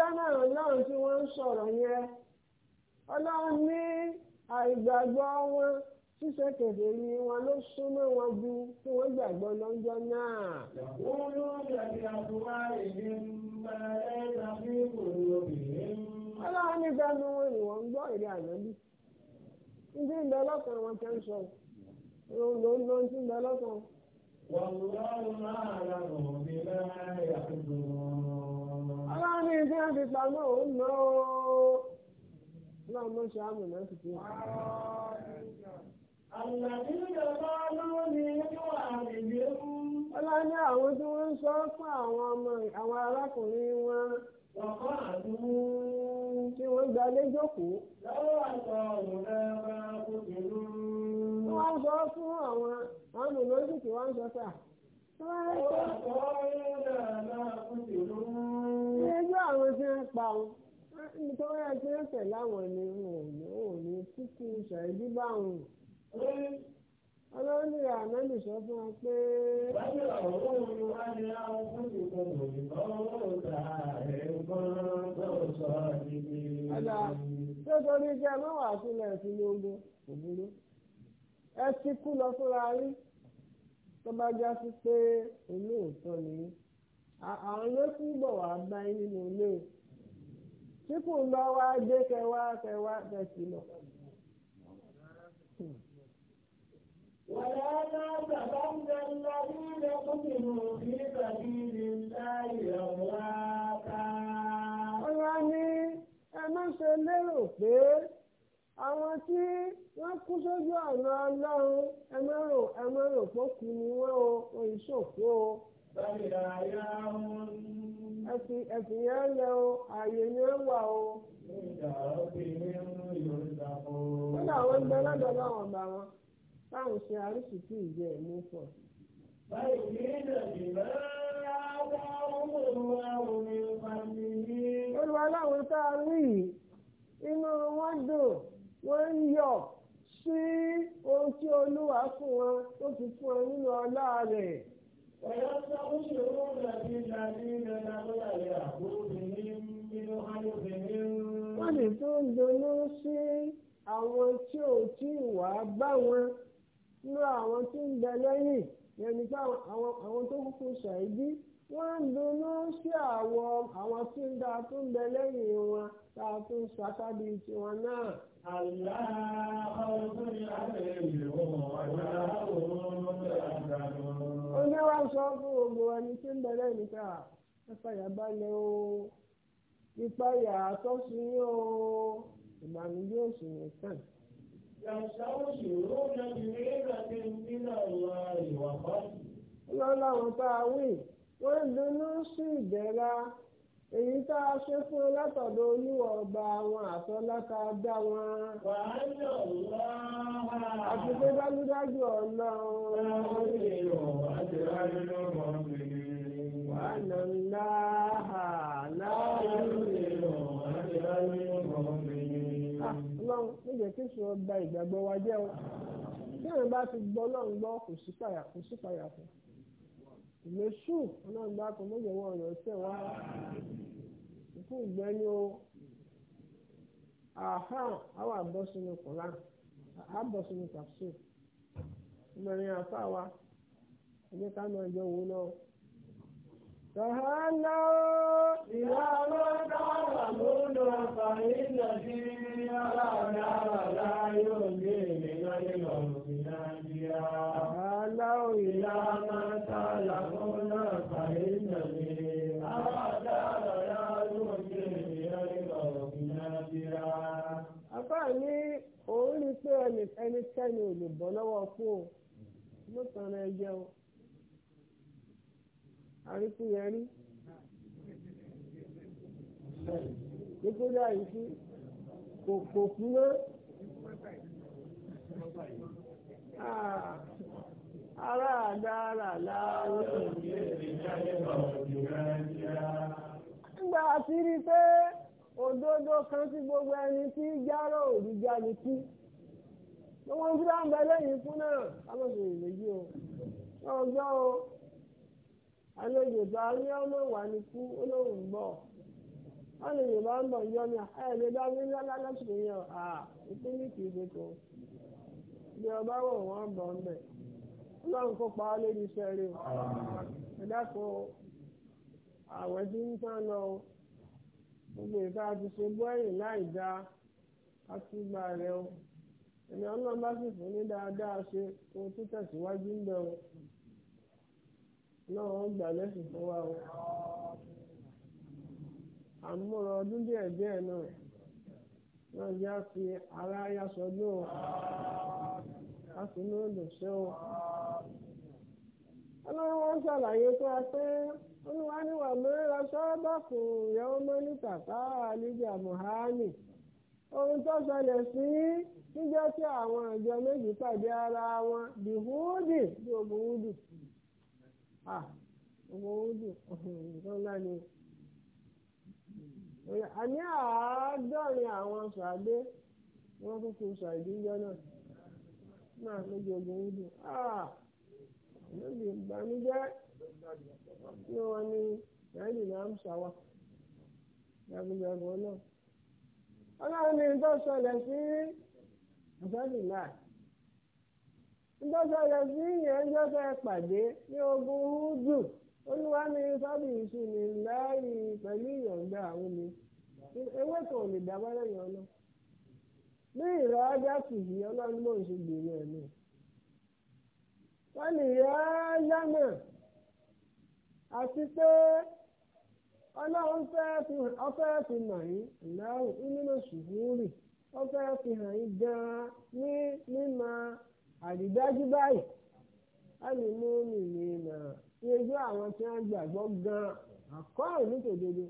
níjọ́ náà ọlọ́run tí wọ́n ń sọ̀rọ̀ yẹn ọlọ́run ní àìgbàgbọ́ wọn ṣíṣe kèdè ni wọn ló súnmọ́ wọn kí wọ́n gbàgbọ́ lọ́jọ́ náà. àbúrò ẹ̀ka ọlọ́run ní wọn ni wọ́n ń gbọ́ ń bẹ lọ́kàn wọn kẹ́ ń sọ ló ń lọ ń tí ń bẹ lọ́kàn. òbí ní ìdí àti ìpamọ́ òun lọ náà ló ṣe àmì náà sì ti hàn. Àlàyé ìjọba ló ní inú àlejò fún. Ọlá ní àwọn tí wọ́n ń sọ fún àwọn ọmọ àwọn arákùnrin wọn. Ọ̀pọ̀ àdúgbò. Tí wọ́n gba léjókòó. Lọ́wọ́ àgbà ọ̀rọ̀ rẹ̀ máa kó tèlú. Wọ́n sọ fún àwọn àmì lójú tí wọ́n ń sọ sáà ẹjọ́ àwọn tí wọ́n pa ọ́ nítorí ẹjọ́ ẹ̀sẹ̀ láwọn ni wọn ò ní títí ìṣẹ̀lú bá wọn. ọlọ́run ní sọ fún wa pé. wájú ọ̀rọ̀ òun ni wá ní àwọn fúnjì kan kò ní ta ẹ̀gbọ́n tó sọ níbi. ọ̀dà tó torí jẹ́ mọ́wàá sílẹ̀ sínú ogun òbúrú ẹ ti kú lọ fúnra rí tó bá já sí pé olóòótọ́ ni àwọn yóò túbọ̀ wá bá yín nínú ilé o tí kò lọ wá dé kẹwàá kẹwàá tẹ̀sí lọ. ولا تعتبن الذين قتلوا في سبيل الله أمواتا. ọ̀rọ̀ ni ẹ má ṣe lérò pé àwọn tí wọ́n ọ̀nà ọlọ́run ẹ má rò ni wọ́n o oníṣòfò o. ẹ̀sìn ẹ̀sìn yẹn lẹ o ààyè ni wà o. kódà àwọn ń lọ́dọ̀ láwọn ọ̀gbà wọn táwọn ṣe àríṣìkí ìjẹ ìmú pọ̀. báyìí ní wá omi tá a rí inú wọn dùn ń yọ̀. sí ohun tí olúwa fún wọn tó fi fún wọn nínú ọlá rẹ̀. Ẹ̀yọ́ sọ fún ìṣòro ọ̀gá ti ìlà ní ilẹ̀ Nàìjíríà rẹ̀ àbúròbìnrin nínú ayọ̀bìnrin. Wọ́n lè tó ń dunnú sí àwọn tí ò tí ì wá bá wọn nínú àwọn tí ń bẹ lẹ́yìn yẹn ni àwọn tó kúkú ṣàìdí wọ́n ń dunnú sí àwọ àwọn tí ń dáa tó ń bẹ lẹ́yìn wọn tá a tún ṣàkàbí tiwọn náà. àlá ọdún yà lè wọ àlá òun dàgbà. ó ní wá sọ fún gbogbo ẹni tí ń bẹ lẹ́yìn ká ẹ fàyà balẹ̀ o ìpayà àtọ́sí yín o ìbànújẹ́ òsì nìkan. yàtọ̀ ìṣòro náà ti rí ìrìnàjò nínú àwọn ìwà pàtó. ó lọ láwọn tá a wí wọ́n dunnú sí ìdẹ̀ra èyí tá a ṣe fún látọ̀dọ̀ olúwa ọba àwọn àtọ́láta dá wọn. àti pé dájúdájú ọ̀nà wàhánà ńlá ọlọ́run níjẹ́ kí sùn ọba ìgbàgbọ́ wa jẹ́ o. bí èèyàn bá ti gbọ́ ọlọ́run gbọ́ kò sí pàyà kò sí pàyà fún un. ìmẹ̀sù ọlọ́gbà kan mọ́jọ wọn ọ̀rọ̀ ṣẹ̀ wá ikú ìgbẹ́ni o àhá àwọn àbọ̀sínú Quran àbọ̀sínú tafsir ìmọ̀rin àfa wa ẹ̀jẹ̀ ká máa jọ wò lọ. Tàhálà ìyá ọlọ́dà àmúlò kẹ́ni ò lè bọ́ lọ́wọ́ kú o ló tàn án ẹjẹ o àríkú yẹn rí nítorí àyíkú kò kò kú mọ́ ah, ara àdára láàárọ̀ nígbà tí rí pé òdodo kan sí gbogbo ẹni tí járó òrìjà ni kí wọ́n ti bá ń bẹ lẹ́yìn fún náà kámọ́sí ìrèjì o wọ́n gbọ́ o àlejò bá ní ọmọ wà kú olóhùn gbọ́ wọ́n lè yìnbọn ń bọ̀ yọ ní ẹ̀ lè bá mi lọ́lá lọ́sùn yẹn à ìpínlẹ̀ kì í ṣe kò bí ọba wọ̀ wọ́n bọ̀ ń bẹ̀ ọlọ́run kó pa á lórí iṣẹ́ rẹ̀ o ẹ̀dáko àwẹ̀ tí ń tán lọ gbogbo ìka ti ṣe bọ́ láì dáa ká rẹ o. ẹni ọlọ́run bá sì fún ní dáadáa ṣe kó tún tẹ̀síwájú ń bẹ̀ wọn náà wọ́n gbà lẹ́sìn fún wa o àmúrò ọdún díẹ̀ díẹ̀ náà náà yá fi ara yá sọdún o a sì ní olùṣẹ́ o ọlọ́run wọn ṣàlàyé fún ohun tó ṣẹlẹ̀ sí níjọ́ tí àwọn ìjọ méjì pàdé ara wọn bí húdì bí ogun húdì ogun húdì nǹkan ńlá ni àní àádọ́rin àwọn sàdé wọ́n kúkú sàdíjọ́ náà náà lójú ogun húdì lójú ìbànújẹ́ tí wọ́n ní ṣáìdì náà ń ṣàwà jagunjagun náà ọlọ́run ní tó sọlẹ̀ sí àbẹ́lì náà tó sọlẹ̀ sí ìyẹn jọ́ fẹ́ pàdé ní ogun húdù olúwa ní sábì ìṣúni láàyè pẹ̀lú ìyọ̀ǹda àwọn mi ewé kan ò lè dá wọ́lẹ̀ yẹn lọ bí ìrọ̀ ajá sì ọlọ́run mò ń ṣe gbèrè ẹ̀ lọ. wọ́n lè yá lánàá àti pé ọlọ́run fẹ́ fi mọ̀ yín ìlàrùn nínú sùúrù ó fẹ́ fi hàn yín gan-an ní mímọ̀ àrídájú báyìí láti mú mi ní ìmọ̀ ojú àwọn tí wọ́n gbàgbọ́ gan-an àkọ́rùn ní tòdodo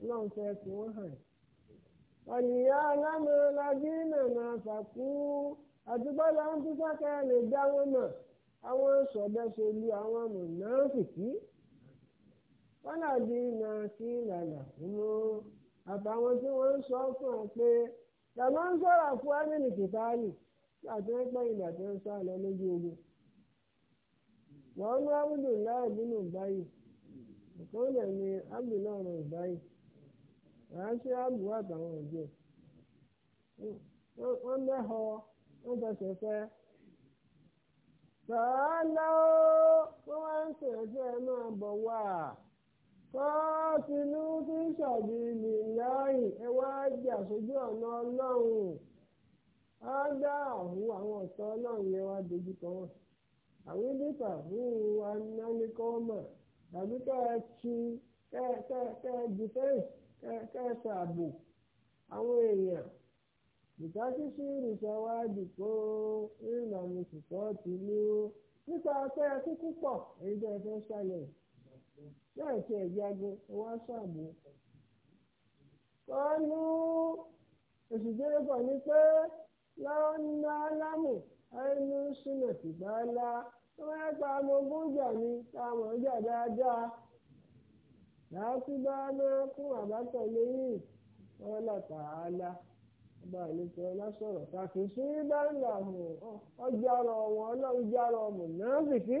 ọlọ́run fẹ́ fi wọ́n hàn yín. ọ̀nìyàn alámọ̀ lajú nànà àfàkú ń tún sákẹ́ lè dá mọ̀ àwọn sọ̀dẹ́sọ̀lù àwọn mọ̀nà fìkì. fọlọ́dí náà sí ìlànà ìmú àtàwọn tí wọ́n ń sọ fún ọ pé lọ́nà ń sọ̀rọ̀ fún ẹ́mìnì láti ń pẹ́ ìgbà tí ń lọ lójú ogun. wọ́n mú abdullahi bínú báyìí ìkọ́lẹ̀ ni abdullahi rẹ̀ báyìí àtàwọn wọ́n wọ́n fẹsẹ̀ fẹ́ sọ̀rọ̀ lọ́wọ́ wọ́n wá ń sọ̀rọ̀ sí fọ́ọ̀tìlú fi ṣàbí lìláì ẹ wá jà sójú ọ̀nà ọlọ́run á dá àwọn àwọn ọ̀tọ́ ọlọ́run yẹn wá dojú kọ wọn àwọn dípà fún anáníkọ́mà tàbí kẹ́ ẹ ti kẹ́ ẹ dìfẹ́ǹsì kẹ́ ẹ ṣàbò àwọn èèyàn ìtàkìsí ìrìṣàwádìí kó ìlànà ìsìkọ́ tìlú nípa pé ẹ kúkú èyí tó ẹ fẹ́ láti ẹ̀jágun wọ́n ṣàbò. kọ́nú èsì jẹ́rẹ́pọ̀ ni pé lọ́nà alámù ẹnu sílẹ̀ tìgbà ńlá tó máa pa ọmọọgbọ́n jà ní táwọn ọjà dáadáa. láti bá máa àbátọ̀ lẹ́yìn lọ́tà ọba àlejò ọlásọ̀rọ̀ kàkì sí bá ń là hàn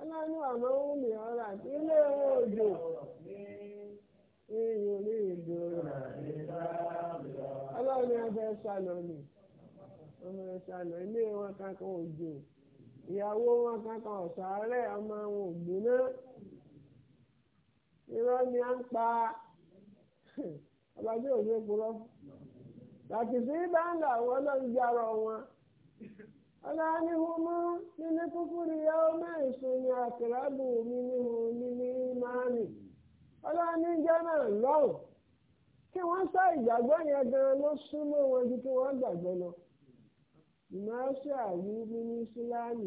ọlọ́run àmọ́ ń mi ọ̀rọ̀ àti ojo òjò ìrìn orí ìlú ọlọ́run ni a fẹ́ sálọ ni wọ́n fẹ́ sálọ ilé kankan ojo ìyàwó wọn kankan ọ̀sàárẹ̀ ọmọ wọn ò ọlọ́nihumu nínú kúkúrú yẹ ó máa ń sun ní àkìrábù mi nínú níní máàmì ọlọ́ni jẹ́nà lọ́hùn kí wọ́n sọ ìgbàgbọ́ yẹn gan-an ló súnmọ́ wọn ju kí wọ́n gbàgbọ́ lọ ìmọ̀ọ́sí àwí nínú síláàmù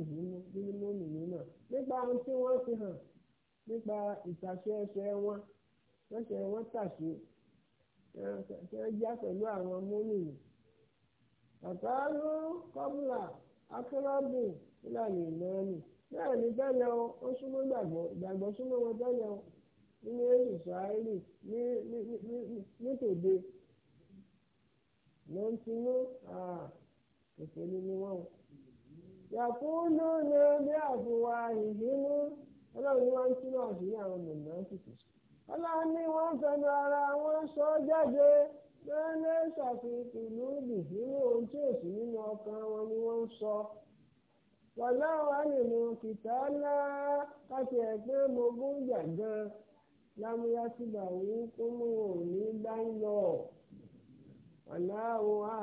nínú mọ́mìnì náà nípa ohun tí wọ́n fi hàn nípa ìtàṣẹ ẹsẹ̀ wọn lọ́sẹ̀ wọn tàṣe ṣe já pẹ̀lú àwọn mọ́mìnì bàbá ló kọ́bùlà akérọ́bù fúlàní ìmọ̀ọ́nì bẹ́ẹ̀ ni tẹ́lẹ̀ o àfùwà ara wọn lọ́lẹ́ ṣàfihàn ìlú òbí nínú ohun tí ò sí nínú ọkà wọn ni wọ́n ń sọ. wàlá wa nínú kìtà ńlá káṣí ẹ̀gbẹ́ mogún gbàngán lámúyá kó ní bá ń lọ. àlàmù yà.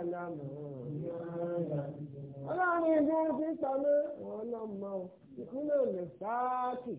àlàmù yà. ọlọ́run ìpínlẹ̀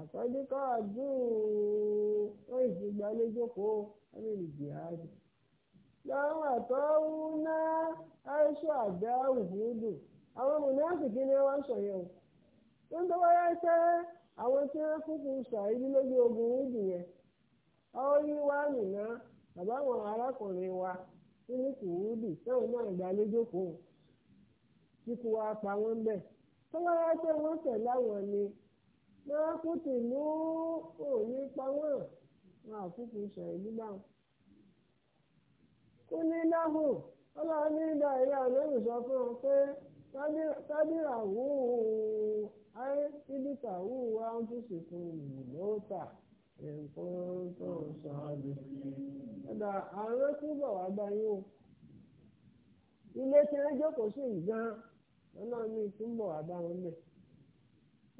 àkọ́jú kọ́ ó ìsìgbà lójókòó ẹ̀mí jihadi. lọ́wọ́ ẹ̀tọ́ wú ná aṣọ àgbẹ̀ òfurufú àwọn mùnásìkí ni wọ́n o. tó ń tọ́wọ́ yá sẹ́ àwọn tí wọ́n kúkú sọ ibi lójú ogun wúdù yẹn. ọwọ́ yí wá bàbá àwọn arákùnrin wa náà lójókòó. kíkú wa pa wọ́n tọ́wọ́ ni. máa kú tì mú òní pamọ́ wọn àkókò ìṣẹ̀lẹ̀ gbígbà ní láhùn ọlọ́run ní ìdá ìyá olóyún sọ nke ọ pé tábìrà wù ú ayé tíbítà wù ú wá ń fúnṣe fún ìlóòtà nǹkan tó ń sọ àgbẹ̀. ọ̀dà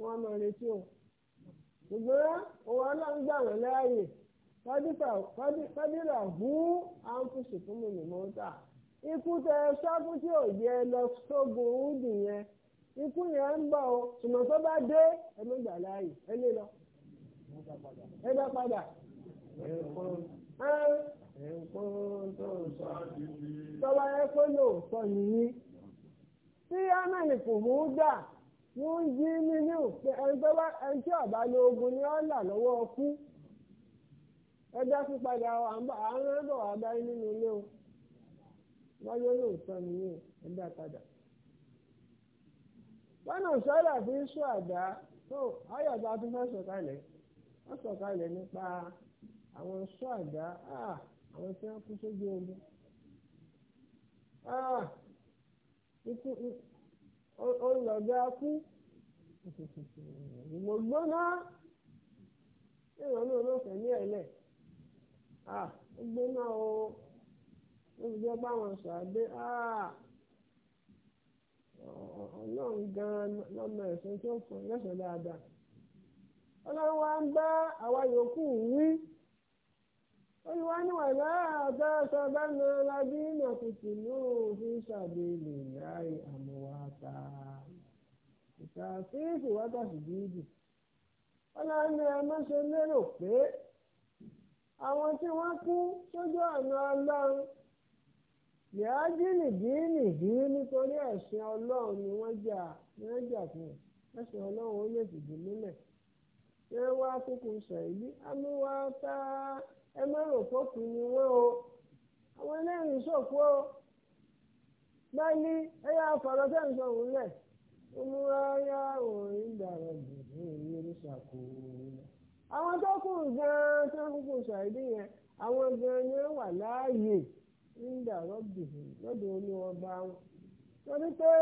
wọ́n máa retí o ṣùgbọ́n òun aláǹgbà wọn láàyè kádìrà hu àǹfùsì fún mi ní mọ́tà ikú tẹ ṣáfún tí ò jẹ lọ sógun údì yẹn ikú yẹn ń bọ̀ o ṣùgbọ́n tó bá dé ẹ ló gbà láàyè ẹ lé lọ ẹ dá padà. tọ́ba ẹ kó lóòótọ́ nìyí tí amẹ́lì kò mú gbà. wọ́n jí nínú pé ẹni tí ọ̀bá lo ogun ni là lọ́wọ́ ọkú ẹgbẹ́ sí àwọn ẹ̀bọ̀ wà bá nínú ilé o wáyé olóòótọ́ nìyẹn ẹ̀dá padà. sọ́dà fi ń sọ àdá tó fẹ́ sọ̀kalẹ̀ wọ́n sọ̀kalẹ̀ nípa àwọn àdá ah, àwọn tí wọ́n kú sójú ogun. Ah, ó ń lọ́jọ́ kú mo gbóná ìrànlọ́ olóòfẹ́ ní ẹ̀lẹ́ ó gbóná o ó fi jẹ́ báwọn ṣàdé ọlọ́run gan-an lọ́mọ ẹ̀sìn tó fún un lẹ́sẹ̀ dáadáa ọlọ́run wa ń bá àwa yòókù wí olùwà ní wàlá àtàtà bá na lábí nàkùtì lóòfin ṣàbẹ̀lẹ̀ láì àmúwá. ìṣàkíyèsí wájú àṣìbíìdì ọlọ́ni ẹ má ṣe lérò pé àwọn tí wọ́n kú sójú ọ̀nà ọlọ́run yàájínì dínì yìí nítorí ẹ̀sìn ọlọ́run ni wọ́n jà wọ́n jà fún ẹ̀sìn ọlọ́run ó lè fìdí ṣé wá kúkú sọ èyí tá rò ni o àwọn ẹlẹ́rìí ṣòfò o. bá ní ẹyà fọ̀rọ̀ tẹ́ ń sọ òun lẹ̀ olúwará òun dàrọ̀ jù ní ìlú ṣàkó àwọn tó kù gan tó ń kù ṣàìdí yẹn àwọn gan ni wọ́n wà láàyè ń olúwọba wọn torí pé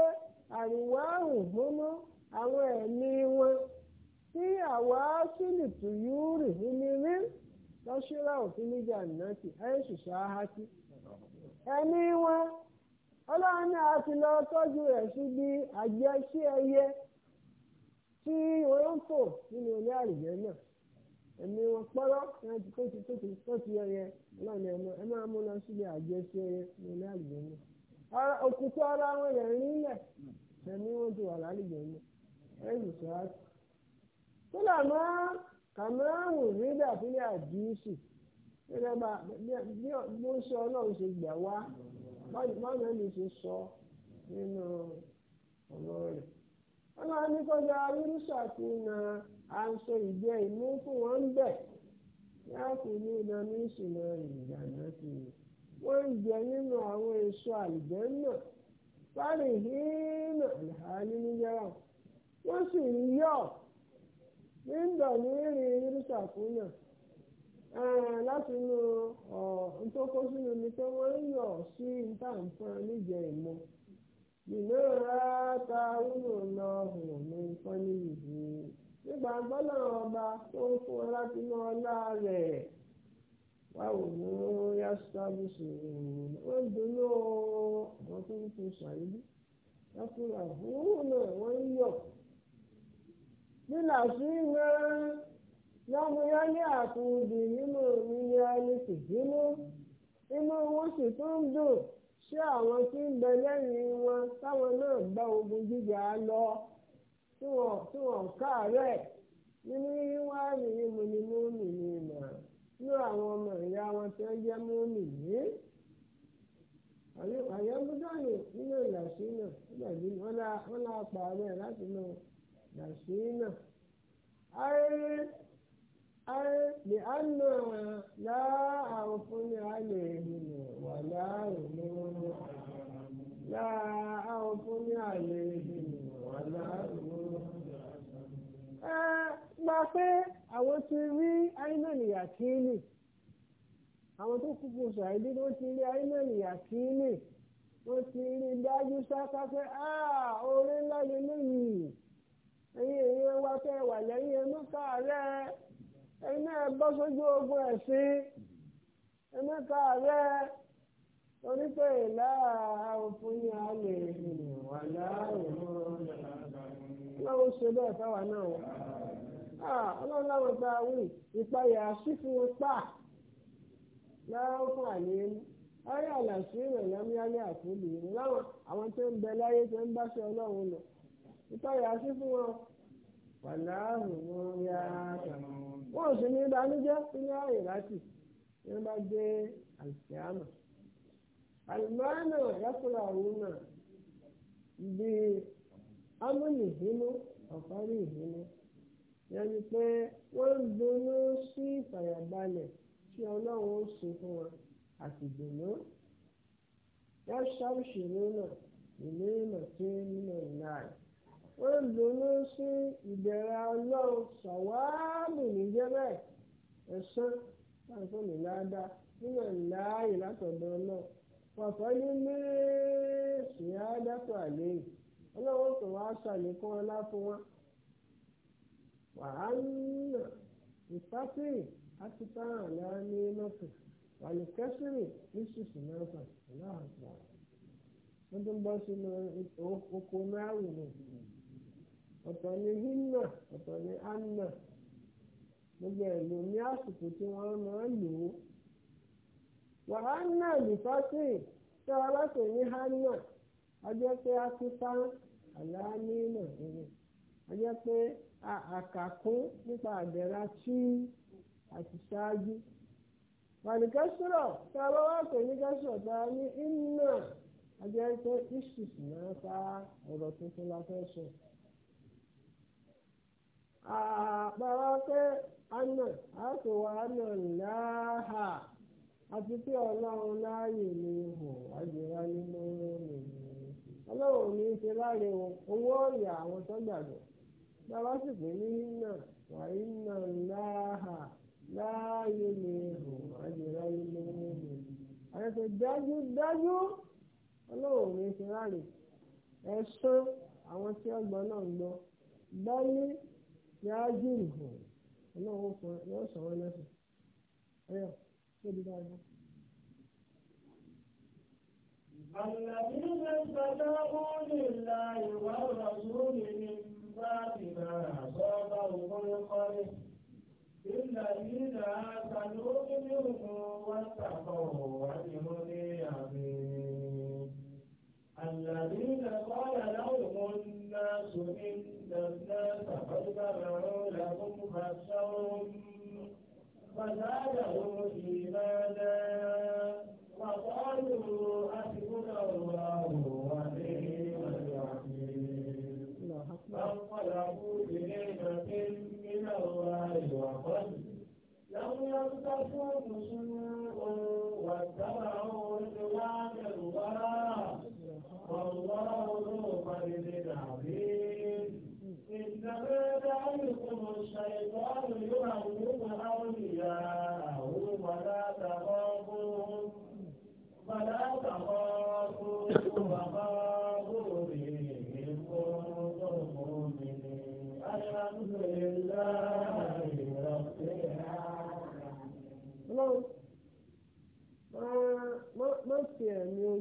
àríwá gbóná àwọn wọn tí àwa sílì òfin níjà ọlọ́run náà ti lọ tọ́jú rẹ̀ síbi àjẹsí ẹyẹ tí ń nínú ilé àrùjẹ náà ẹ̀mí wọn pọ́rọ́ náà tó ti tó ti tó ti ẹyẹ ọlọ́run ẹ máa mú lọ síbi àjẹsí ẹyẹ nínú ilé àrùjẹ náà rẹ̀ ẹ̀mí wọn ti wà lálùjẹ náà tó bí ó gbà wá. báyìí ẹni ti sọ nínú ọ̀rọ̀ rẹ̀ ọlọ́run ní kọjá rírúṣà ti na aṣọ ìjẹ ìmú fún wọn ń bẹ̀ láti ní ìṣìnà sí i wọ́n ń jẹ nínú àwọn èso náà hínà wọ́n sì ń yọ̀ nígbà ní ìrìn Eh, láti inú eh, ntókó sínú ni pé wọ́n ń yọ̀ sí ntàǹfọ̀n níjẹ̀ ìmọ̀ ìlera ta wúlò lọ ní nǹkan nígbà gbọ́dọ̀ ọba tó ń fún ọ láti inú ọlá rẹ̀ báwo ni wọ́n yá sábùsù wọ́n dúró wọ́n tó ń fi ṣàyẹ̀dí lọ́kùnrin àbúrò n'ụlọ wọ́n ń yọ̀ lọ́mọyá ní àtúndì nínú òmìnira ẹni sì bínú inú wọn sì tún dùn sí àwọn tí ń bẹ lẹ́yìn wọn táwọn náà bá ogun jíjà lọ tí wọn tí wọn káàárẹ̀ nínú wíwá nìyí mo ọmọ ìyá wọn tí jẹ́ ní. nínú náà wọ́n lá láti لأنه لا أوفي عليهم ولا هم لا أوفي عليهم ولا هم ẹ gba pé àwọn ti àwọn tó kúkú sàìdí wọ́n ti rí ainel ori wọ́n ti rí dájú sáká pé áà orí ńlá lélẹ́yìn èèyàn ẹ̀yin ẹ̀ bọ́ sójú ogun ẹ̀sìn ẹ̀mí ká rẹ̀ torí pé ìlà òfin ni a lè wà láàrùn ọlọ́run ṣe bẹ́ẹ̀ fáwa náà ọlọ́run láwọn gba wí ìpayà sí fún wọn pa láwọn fún àlẹ́yìn ayé àlàsí rẹ̀ lámúyálé àfúlù yìí láwọn àwọn tó ń bẹ láyé tó ń bá ṣe ọlọ́run lọ ìpayà sí fún wọn wà láàrùn wọn yá kàmú. wọ́n ò sì ní ìbànújẹ́ nínú àyèráàtì ní wọn bá jẹ àìsíámà àlùmọ́ọ́nà yàtúrà òun náà bí amúnì ìhínú ọ̀fárí ìhínú yẹni pé wọ́n ń si sí ìfàyàbalẹ̀ tí ọlọ́run ó ṣe fún wọn àti dùnú nọ òṣèré náà ìlú ìmọ̀ tí ó dùnnú sí ìbẹ̀rẹ̀ ọlọ́run sọ̀wáàmù níjẹ́bẹ̀ ẹ̀sán láti ní ládàá nínú ìláàyè látọ̀dọ̀ náà pàpọ̀ ní mẹ́ẹ̀ẹ́sì àádọ́tọ̀ àlẹ́yìn ọlọ́run tó wá ṣàlékún ọlá fún wọn. wàhálà ìfásírì àti ní mọ́tò ní ọ̀tọ̀ ni hinna ọ̀tọ̀ ni anna gbogbo ẹ̀lú ní àsìkò tí wọ́n máa ń lò ó. wàhánà lùfátì tí wọ́n bá pè ní hanna ọjọ́ pé àkàkún nípa àbẹ̀rẹ̀ tí àti ṣáájú. tí bá ní kẹsìrọ̀ tí wọ́n ní pé fa ọ̀rọ̀ àpẹẹrẹ pé anà àti wà anà láàhà àti pé ọlọ́run láàyè ni hàn àjẹrà nínú rẹ̀ ọlọ́run ò ní í ṣe láre owó ọ̀yà àwọn tó gbàgbọ́ bàbá sì pé ní nínà wà nínà láàhà láàyè ni hàn àjẹrà nínú rẹ̀ àyẹ̀fẹ̀ dájúdájú ọlọ́run ò ní í ṣe láre ẹ̀sán àwọn tí ọgbọ́n náà ń gbọ́ gbọ́lé yáájú ìhàn ọlọ́run fún yóò sàn wọ́n lẹ́sìn ẹ̀yà tó di dáadáa. الذين استجابوا لله والرسول من بعد ما أصابهم القرح للذين آمنوا منهم واتقوا وجه عظيم الذين قال لهم الناس إن الناس قد برعوا لهم بأسهم فزادهم إيمانا وقالوا حسبنا الله ونعم الوكيل فانقلبوا بنعمة من الله وفضل لم يمسسهم سوء واتبعوا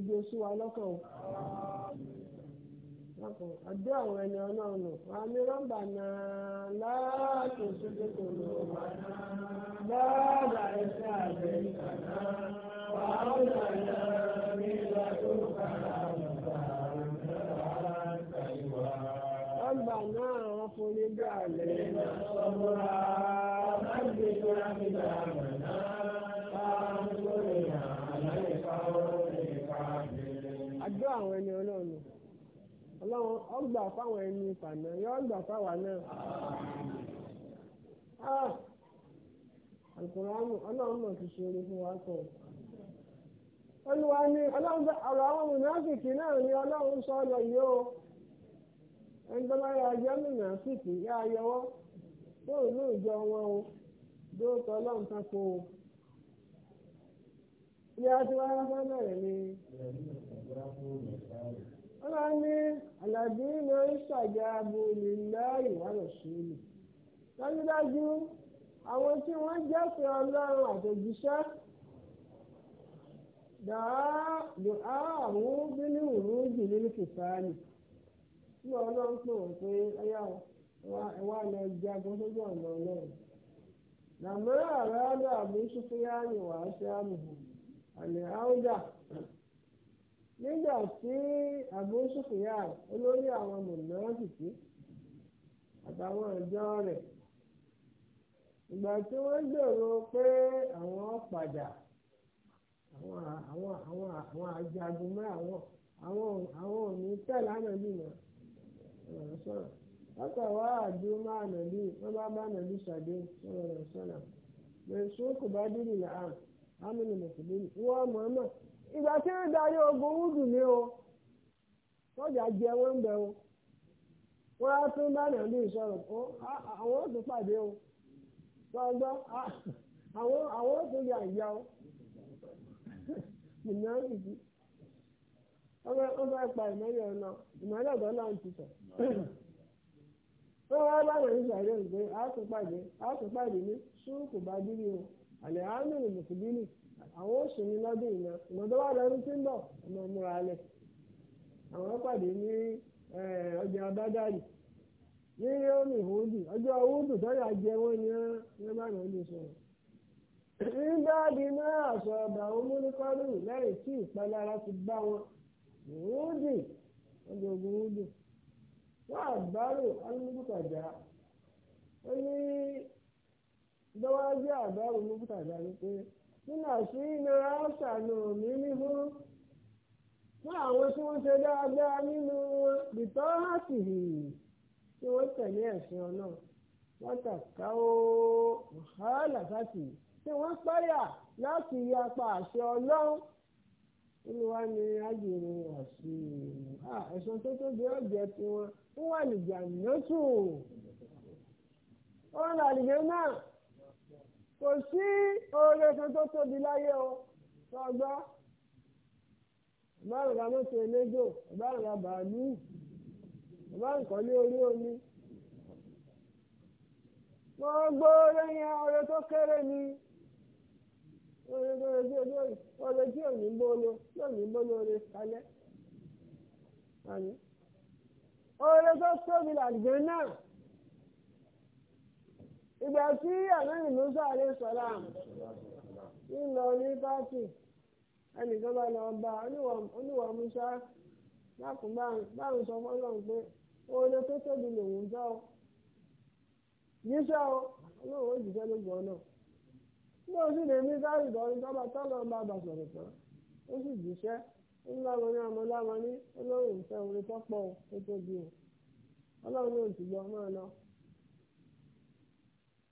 gbé sí wa lọ́kàn o. Àdé àwọn ẹni ọlọ́run àmì rọ́mbà náà láàtò Bọ́ọ̀dà àgbẹ̀ tó kàrà Rọ́mbà náà wọ́n fún àwọn ẹni ọlọ́run ọlọ́run ọgbà fáwọn ẹni ìfànà yọ ọgbà fáwa náà. Ah! Àlùkùránì ọlọ́run náà ti ṣe orí fún wa pọ̀. Olúwa ni ọlọ́run ọ̀rọ̀ àwọn náà ni ọlọ́run sọ lọ yìí o. Ẹni tó bá yà jẹ́ yà á yọwọ́ ọlọ́ ní àlàbí náà ń ṣàjáàbò nílá ìwárọ̀ sílù dájúdájú àwọn tí wọ́n jẹ́fẹ́ ọlọ́run àtòjíṣẹ́ dàá àwọn bínú ìrújì nínú kìsáàlì tí ọlọ́run pè wọ́n pé ẹyà ẹwà lọ jagun sójú ọ̀nà ọlọ́run làmúrà rẹ̀ ọ̀dọ̀ àbúṣúfúyà ni wàá ṣe àmì àlè áúdà. nígbà tí Abu Sufyan olórí àwọn mọ̀nàfìkì àtàwọn ìjọ rẹ̀ ìgbà tí wọ́n gbèrò pé àwọn padà àwọn àwọn àwọn àwọn òní tẹ̀lé ànàbì náà ọ̀rọ̀ sọ̀rọ̀ lọ́kọ̀ wá àdúró má ànàbì wọ́n bá bá ànàbì ṣàdé ọ̀rọ̀ sọ̀rọ̀ lè kò bá dìrì làám ámì ni wọ́n mọ̀ ìgbà tí ń darí ogun wúdù ní o wọ́n jẹ o wọ́n á tún bá nàá ní ìṣòro fún àwọn òtún pàdé o wọ́n gbọ́ àwọn òtún yà ìyá o ìná ìdí wọ́n fẹ́ pa ìmọ́lẹ̀ ọ̀nà ìmọ́lẹ̀ ọ̀dọ́ náà ti tọ̀ bá nàá ní ìṣòro ní ṣùkùbà àlẹ́ àmì àwọn oṣù ni lọ́dún yìí náà lọ́dún tí ń bọ̀ ọmọ múra lẹ̀ àwọn pàdé ní ọjà abádáyì ní yọ́mì húdù ọjọ́ húdù sọ́yà jẹ wọ́n ní wọ́n bá sọ̀rọ̀ nígbà bí náà sọ lẹ́yìn tí ìpalára ti bá wọn ni pé. nínà sí ìnira ṣàánú mi níhú fún àwọn tí wọ́n ṣe dáadáa nínú wọn bìtọ́ hàtìhì tí wọ́n tẹ̀lé ẹ̀sìn ọ̀nà wọ́n tàkà ó wàhálà sáàtì tí wọ́n páyà láti yapa àṣẹ ọlọ́run olúwa ni ajínrìn àṣì ẹ̀sán tó tóbi ọ̀jẹ̀ tiwọn wọ́n wà lìjà nínú wọ́n là náà kò sí oore kan tó tóbi láyé o sọgbà ìbáraka mọ́tò eléjò ìbáraka bàálù ìbárakọ̀lé orí omi gbogbo oore yẹn oore tó kéré ni oore tó oore tí o lóore oore tí ò ní bolo tí ò ní bolo oore kalẹ̀ oore tó tóbi làgbẹ́ náà ìgbà tí àmẹ́rin musa alẹ́ sọ́lá ń lọ ní pátì ẹnìkan bá lọ bá oníwà musa lákùn bá ń sọ fọ́lọ́n pé oore tó tóbi lòun jọ ọ yíṣẹ́ ọ olóòwò òjìṣẹ́ ló gbọ́ náà bí o sì lè ní sáré ìdọ́rin tọ́ba tọ́lọ́ ń bá bà sọ̀rọ̀ tán ó sì jíṣẹ́ ńláwọ ní amọ̀láwọ ní olóòwò ìfẹ́ orin tọ́pọ̀ ó tóbi o ọlọ́run ló ti gbọ́ máa lọ.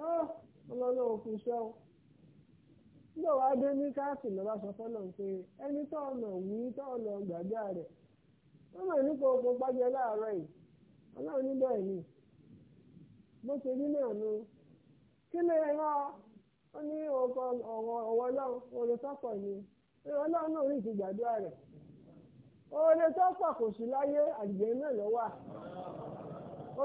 Ah, ọlọ́lọ́ òfin iṣẹ́ nígbà wàá dé ní káàsì lọ́ba sọ fọ́lọ́ pé ẹni tó ọ̀nà wí tó ọ̀nà gbàgbà rẹ̀ wọ́n mọ̀ nípa oko gbájẹ láàárọ̀ yìí ọlọ́run níbẹ̀ ni ṣe rí náà nu kí rán ọ ní ọkọ ni ọlọ́run náà rí ti gbàdúrà rẹ̀ oore kò sí láyé àgbẹ̀ náà ó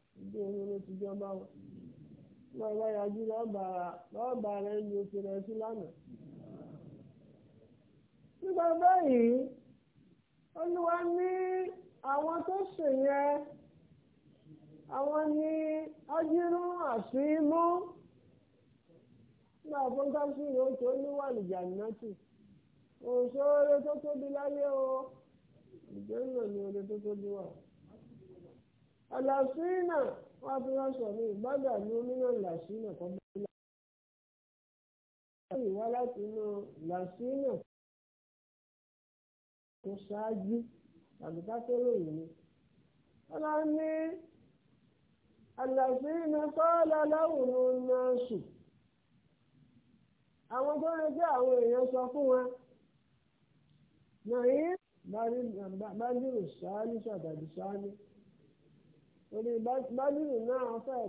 ìdí omi ló ti jọba wọn wọn bá yájú lọ́ọ̀bà rẹ̀ ju oṣù rẹ̀ sí lánàá. nígbà báyìí olúwa ní àwọn tó ṣèyẹn àwọn ní ọjírú àti imú nígbà tó ń bá sí ìròkè olúwa nìjànàtì òṣèré tó tóbi láyé o ìgbéró ni oore tó tóbi wà àlàsínà wọn fi wọn sọ ní ìbádà ní oníná làsínà kan bá wọn. wọ́n yìí wá láti inú làsínà tó ṣáájú tàbí kákérò yìí. wọ́n lọ ní àlàsínà kọ́ọ̀lá láwùrán náà sùn. àwọn tó ń jẹ́ àwọn èèyàn sọ fún wa. nàìjíríà bá dìrò sáálí ṣàtàdì sáálí. orí bádìrì náà fẹ́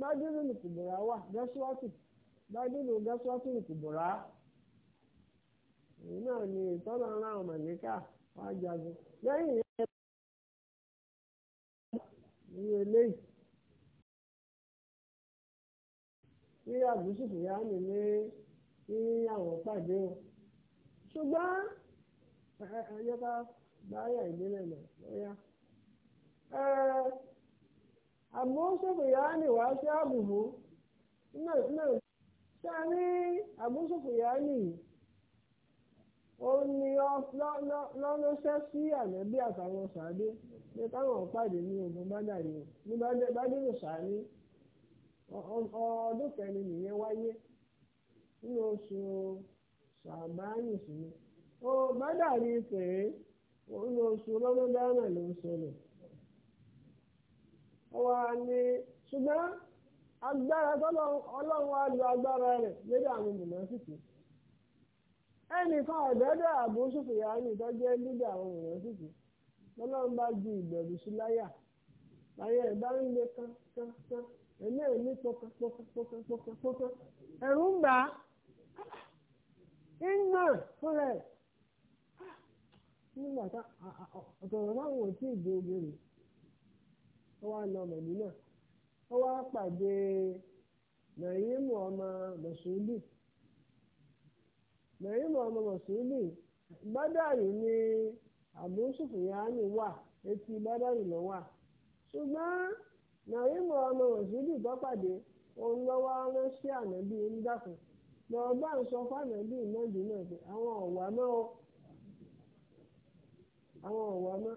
bádìrì nìkùbọ̀rà wà gẹ́sùwọ́tì bádìrì gẹ́sùwọ́tì nìkùbọ̀rà èyí ni ìtọ́nà aráàlú màlíkà wá jagun lẹ́yìn ìyẹn ní ní àbúṣùfù ya ní ní àwọn pàdé o ṣùgbọ́n báyà ìdílé náà lọ́yà. àbúṣòfò yàrá ni wàá ṣe àbùbù náà sáré àbúṣòfò yàrá nìyí òun ni lọ́lọ́ṣẹ́ sí ànábì àtàwọn sàádé ní táwọn pàdé ní ogun bádàrí ní bádìrò sáré ọdún kẹrin nìyẹn wáyé nínú oṣù sàbáyìn sí ni ó bádàrí pé òun oṣù ló ń ṣẹlẹ̀. wà ni ṣùgbọ́n agbára ọlọ́run wa lo agbára rẹ̀ lórí àwọn mùnàfíkì ẹnìkan ọ̀dọ́dọ̀ àbú sùfìyà ní ìtọ́jẹ́ lídà àwọn mùnàfíkì lọ́lọ́run bá ju ìbẹ̀rù sí láyà láyà bá ń le kán ẹ̀mí ẹ̀ ní ẹ̀rù ń á ń fún rẹ̀ nígbà náà ó wá lọ mẹ̀dínà ó wá pàdé nàìjíríà ọmọ mọ̀sùlùmí nàìjíríà ọmọ mọ̀sùlùmí bádàrí ni Abu wà etí bádàrí ló wà ṣùgbọ́n nàìjíríà ọmọ mọ̀sùlùmí tó pàdé òun lọ́wọ́ ránṣẹ́ ànábì ń dàkún lọ bá ń sọ fáànàbí ìmọ̀dínà pé àwọn ọ̀wà náà àwọn ọ̀wà náà.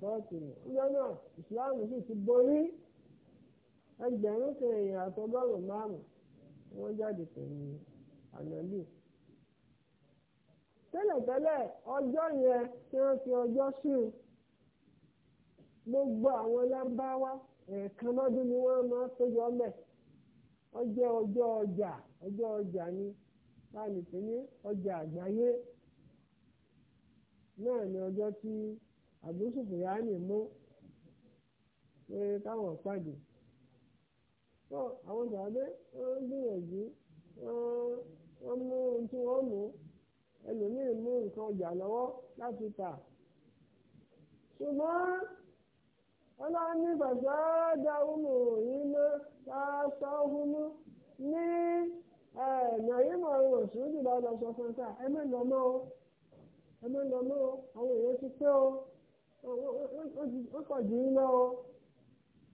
bọ́ọ̀tìrì ọjọ́ náà ìsìláàmù sì ti borí ẹgbẹ̀rún kan èèyàn àtọgọ́rùn márùn wọ́n jáde pẹ̀lú ànábì. tẹ́lẹ̀tẹ́lẹ̀ ọjọ́ yẹn tí wọ́n fi ọjọ́ sí gbogbo àwọn lábáwá ẹ̀ẹ̀kan lọ́dún ni wọ́n máa péjọ mẹ́ ọjọ́ ọjọ́ ọjà ọjọ́ ọjà ni pé ní ọjà àgbáyé náà ni ọjọ́ tí. àbúṣùfù yá ni mú pé káwọn pàdé tó àwọn ìjàdé wọ́n gbìyànjú wọ́n mú ohun tí wọ́n mú ẹlòmíì mú nǹkan ọjà lọ́wọ́ láti tà ṣùgbọ́n ọlọ́run bàbá dáhùnmù yìí ná sáásá húnmú ní nàìjíríà òṣùwọ̀n ìbáraẹ̀sọ̀ fún ká ẹ mẹ́lọ́mọ́ o ẹ mẹ́lọ́mọ́ o àwọn èèyàn ti pé o. ó pọ̀ jù ú lọ o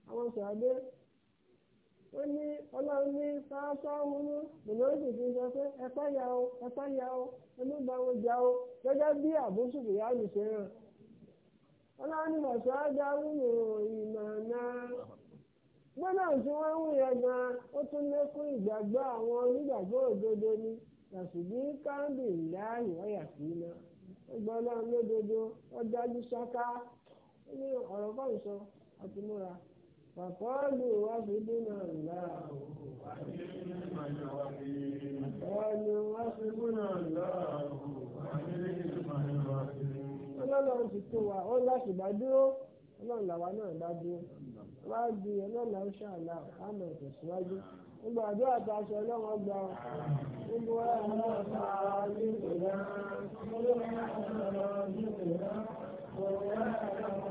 àwọn sàdé ó ní ọlọ́run ní sáásá wúlú ti sọ pé ya o ya o olúbàwọ̀ jà o gẹ́gẹ́ bí àbúṣùkù yá lù hàn ọlọ́run ní bàṣọ ájá wúlò ìmọ̀ náà gbọ́dọ̀ tí wọ́n ń gan ó tún lékún ìgbàgbọ́ àwọn onígbàgbọ́ òdodo ìgbà ọlọ́run lódodo ó dájú ṣáká ó ní ọ̀rọ̀ bá ń sọ àti múra pàpọ́ọ̀lù wá fi dínà ńlá pàpọ́ọ̀lù wá fi dínà ńlá ọlọ́run ti tó wa ó láti bá dúró ọlọ́run làwa náà dúró wá di ọlọ́run ṣàlà Ìgbàdo àtàṣọ ọlọ́wọ́ gbà ọ́. Gbogbo ẹ̀rọ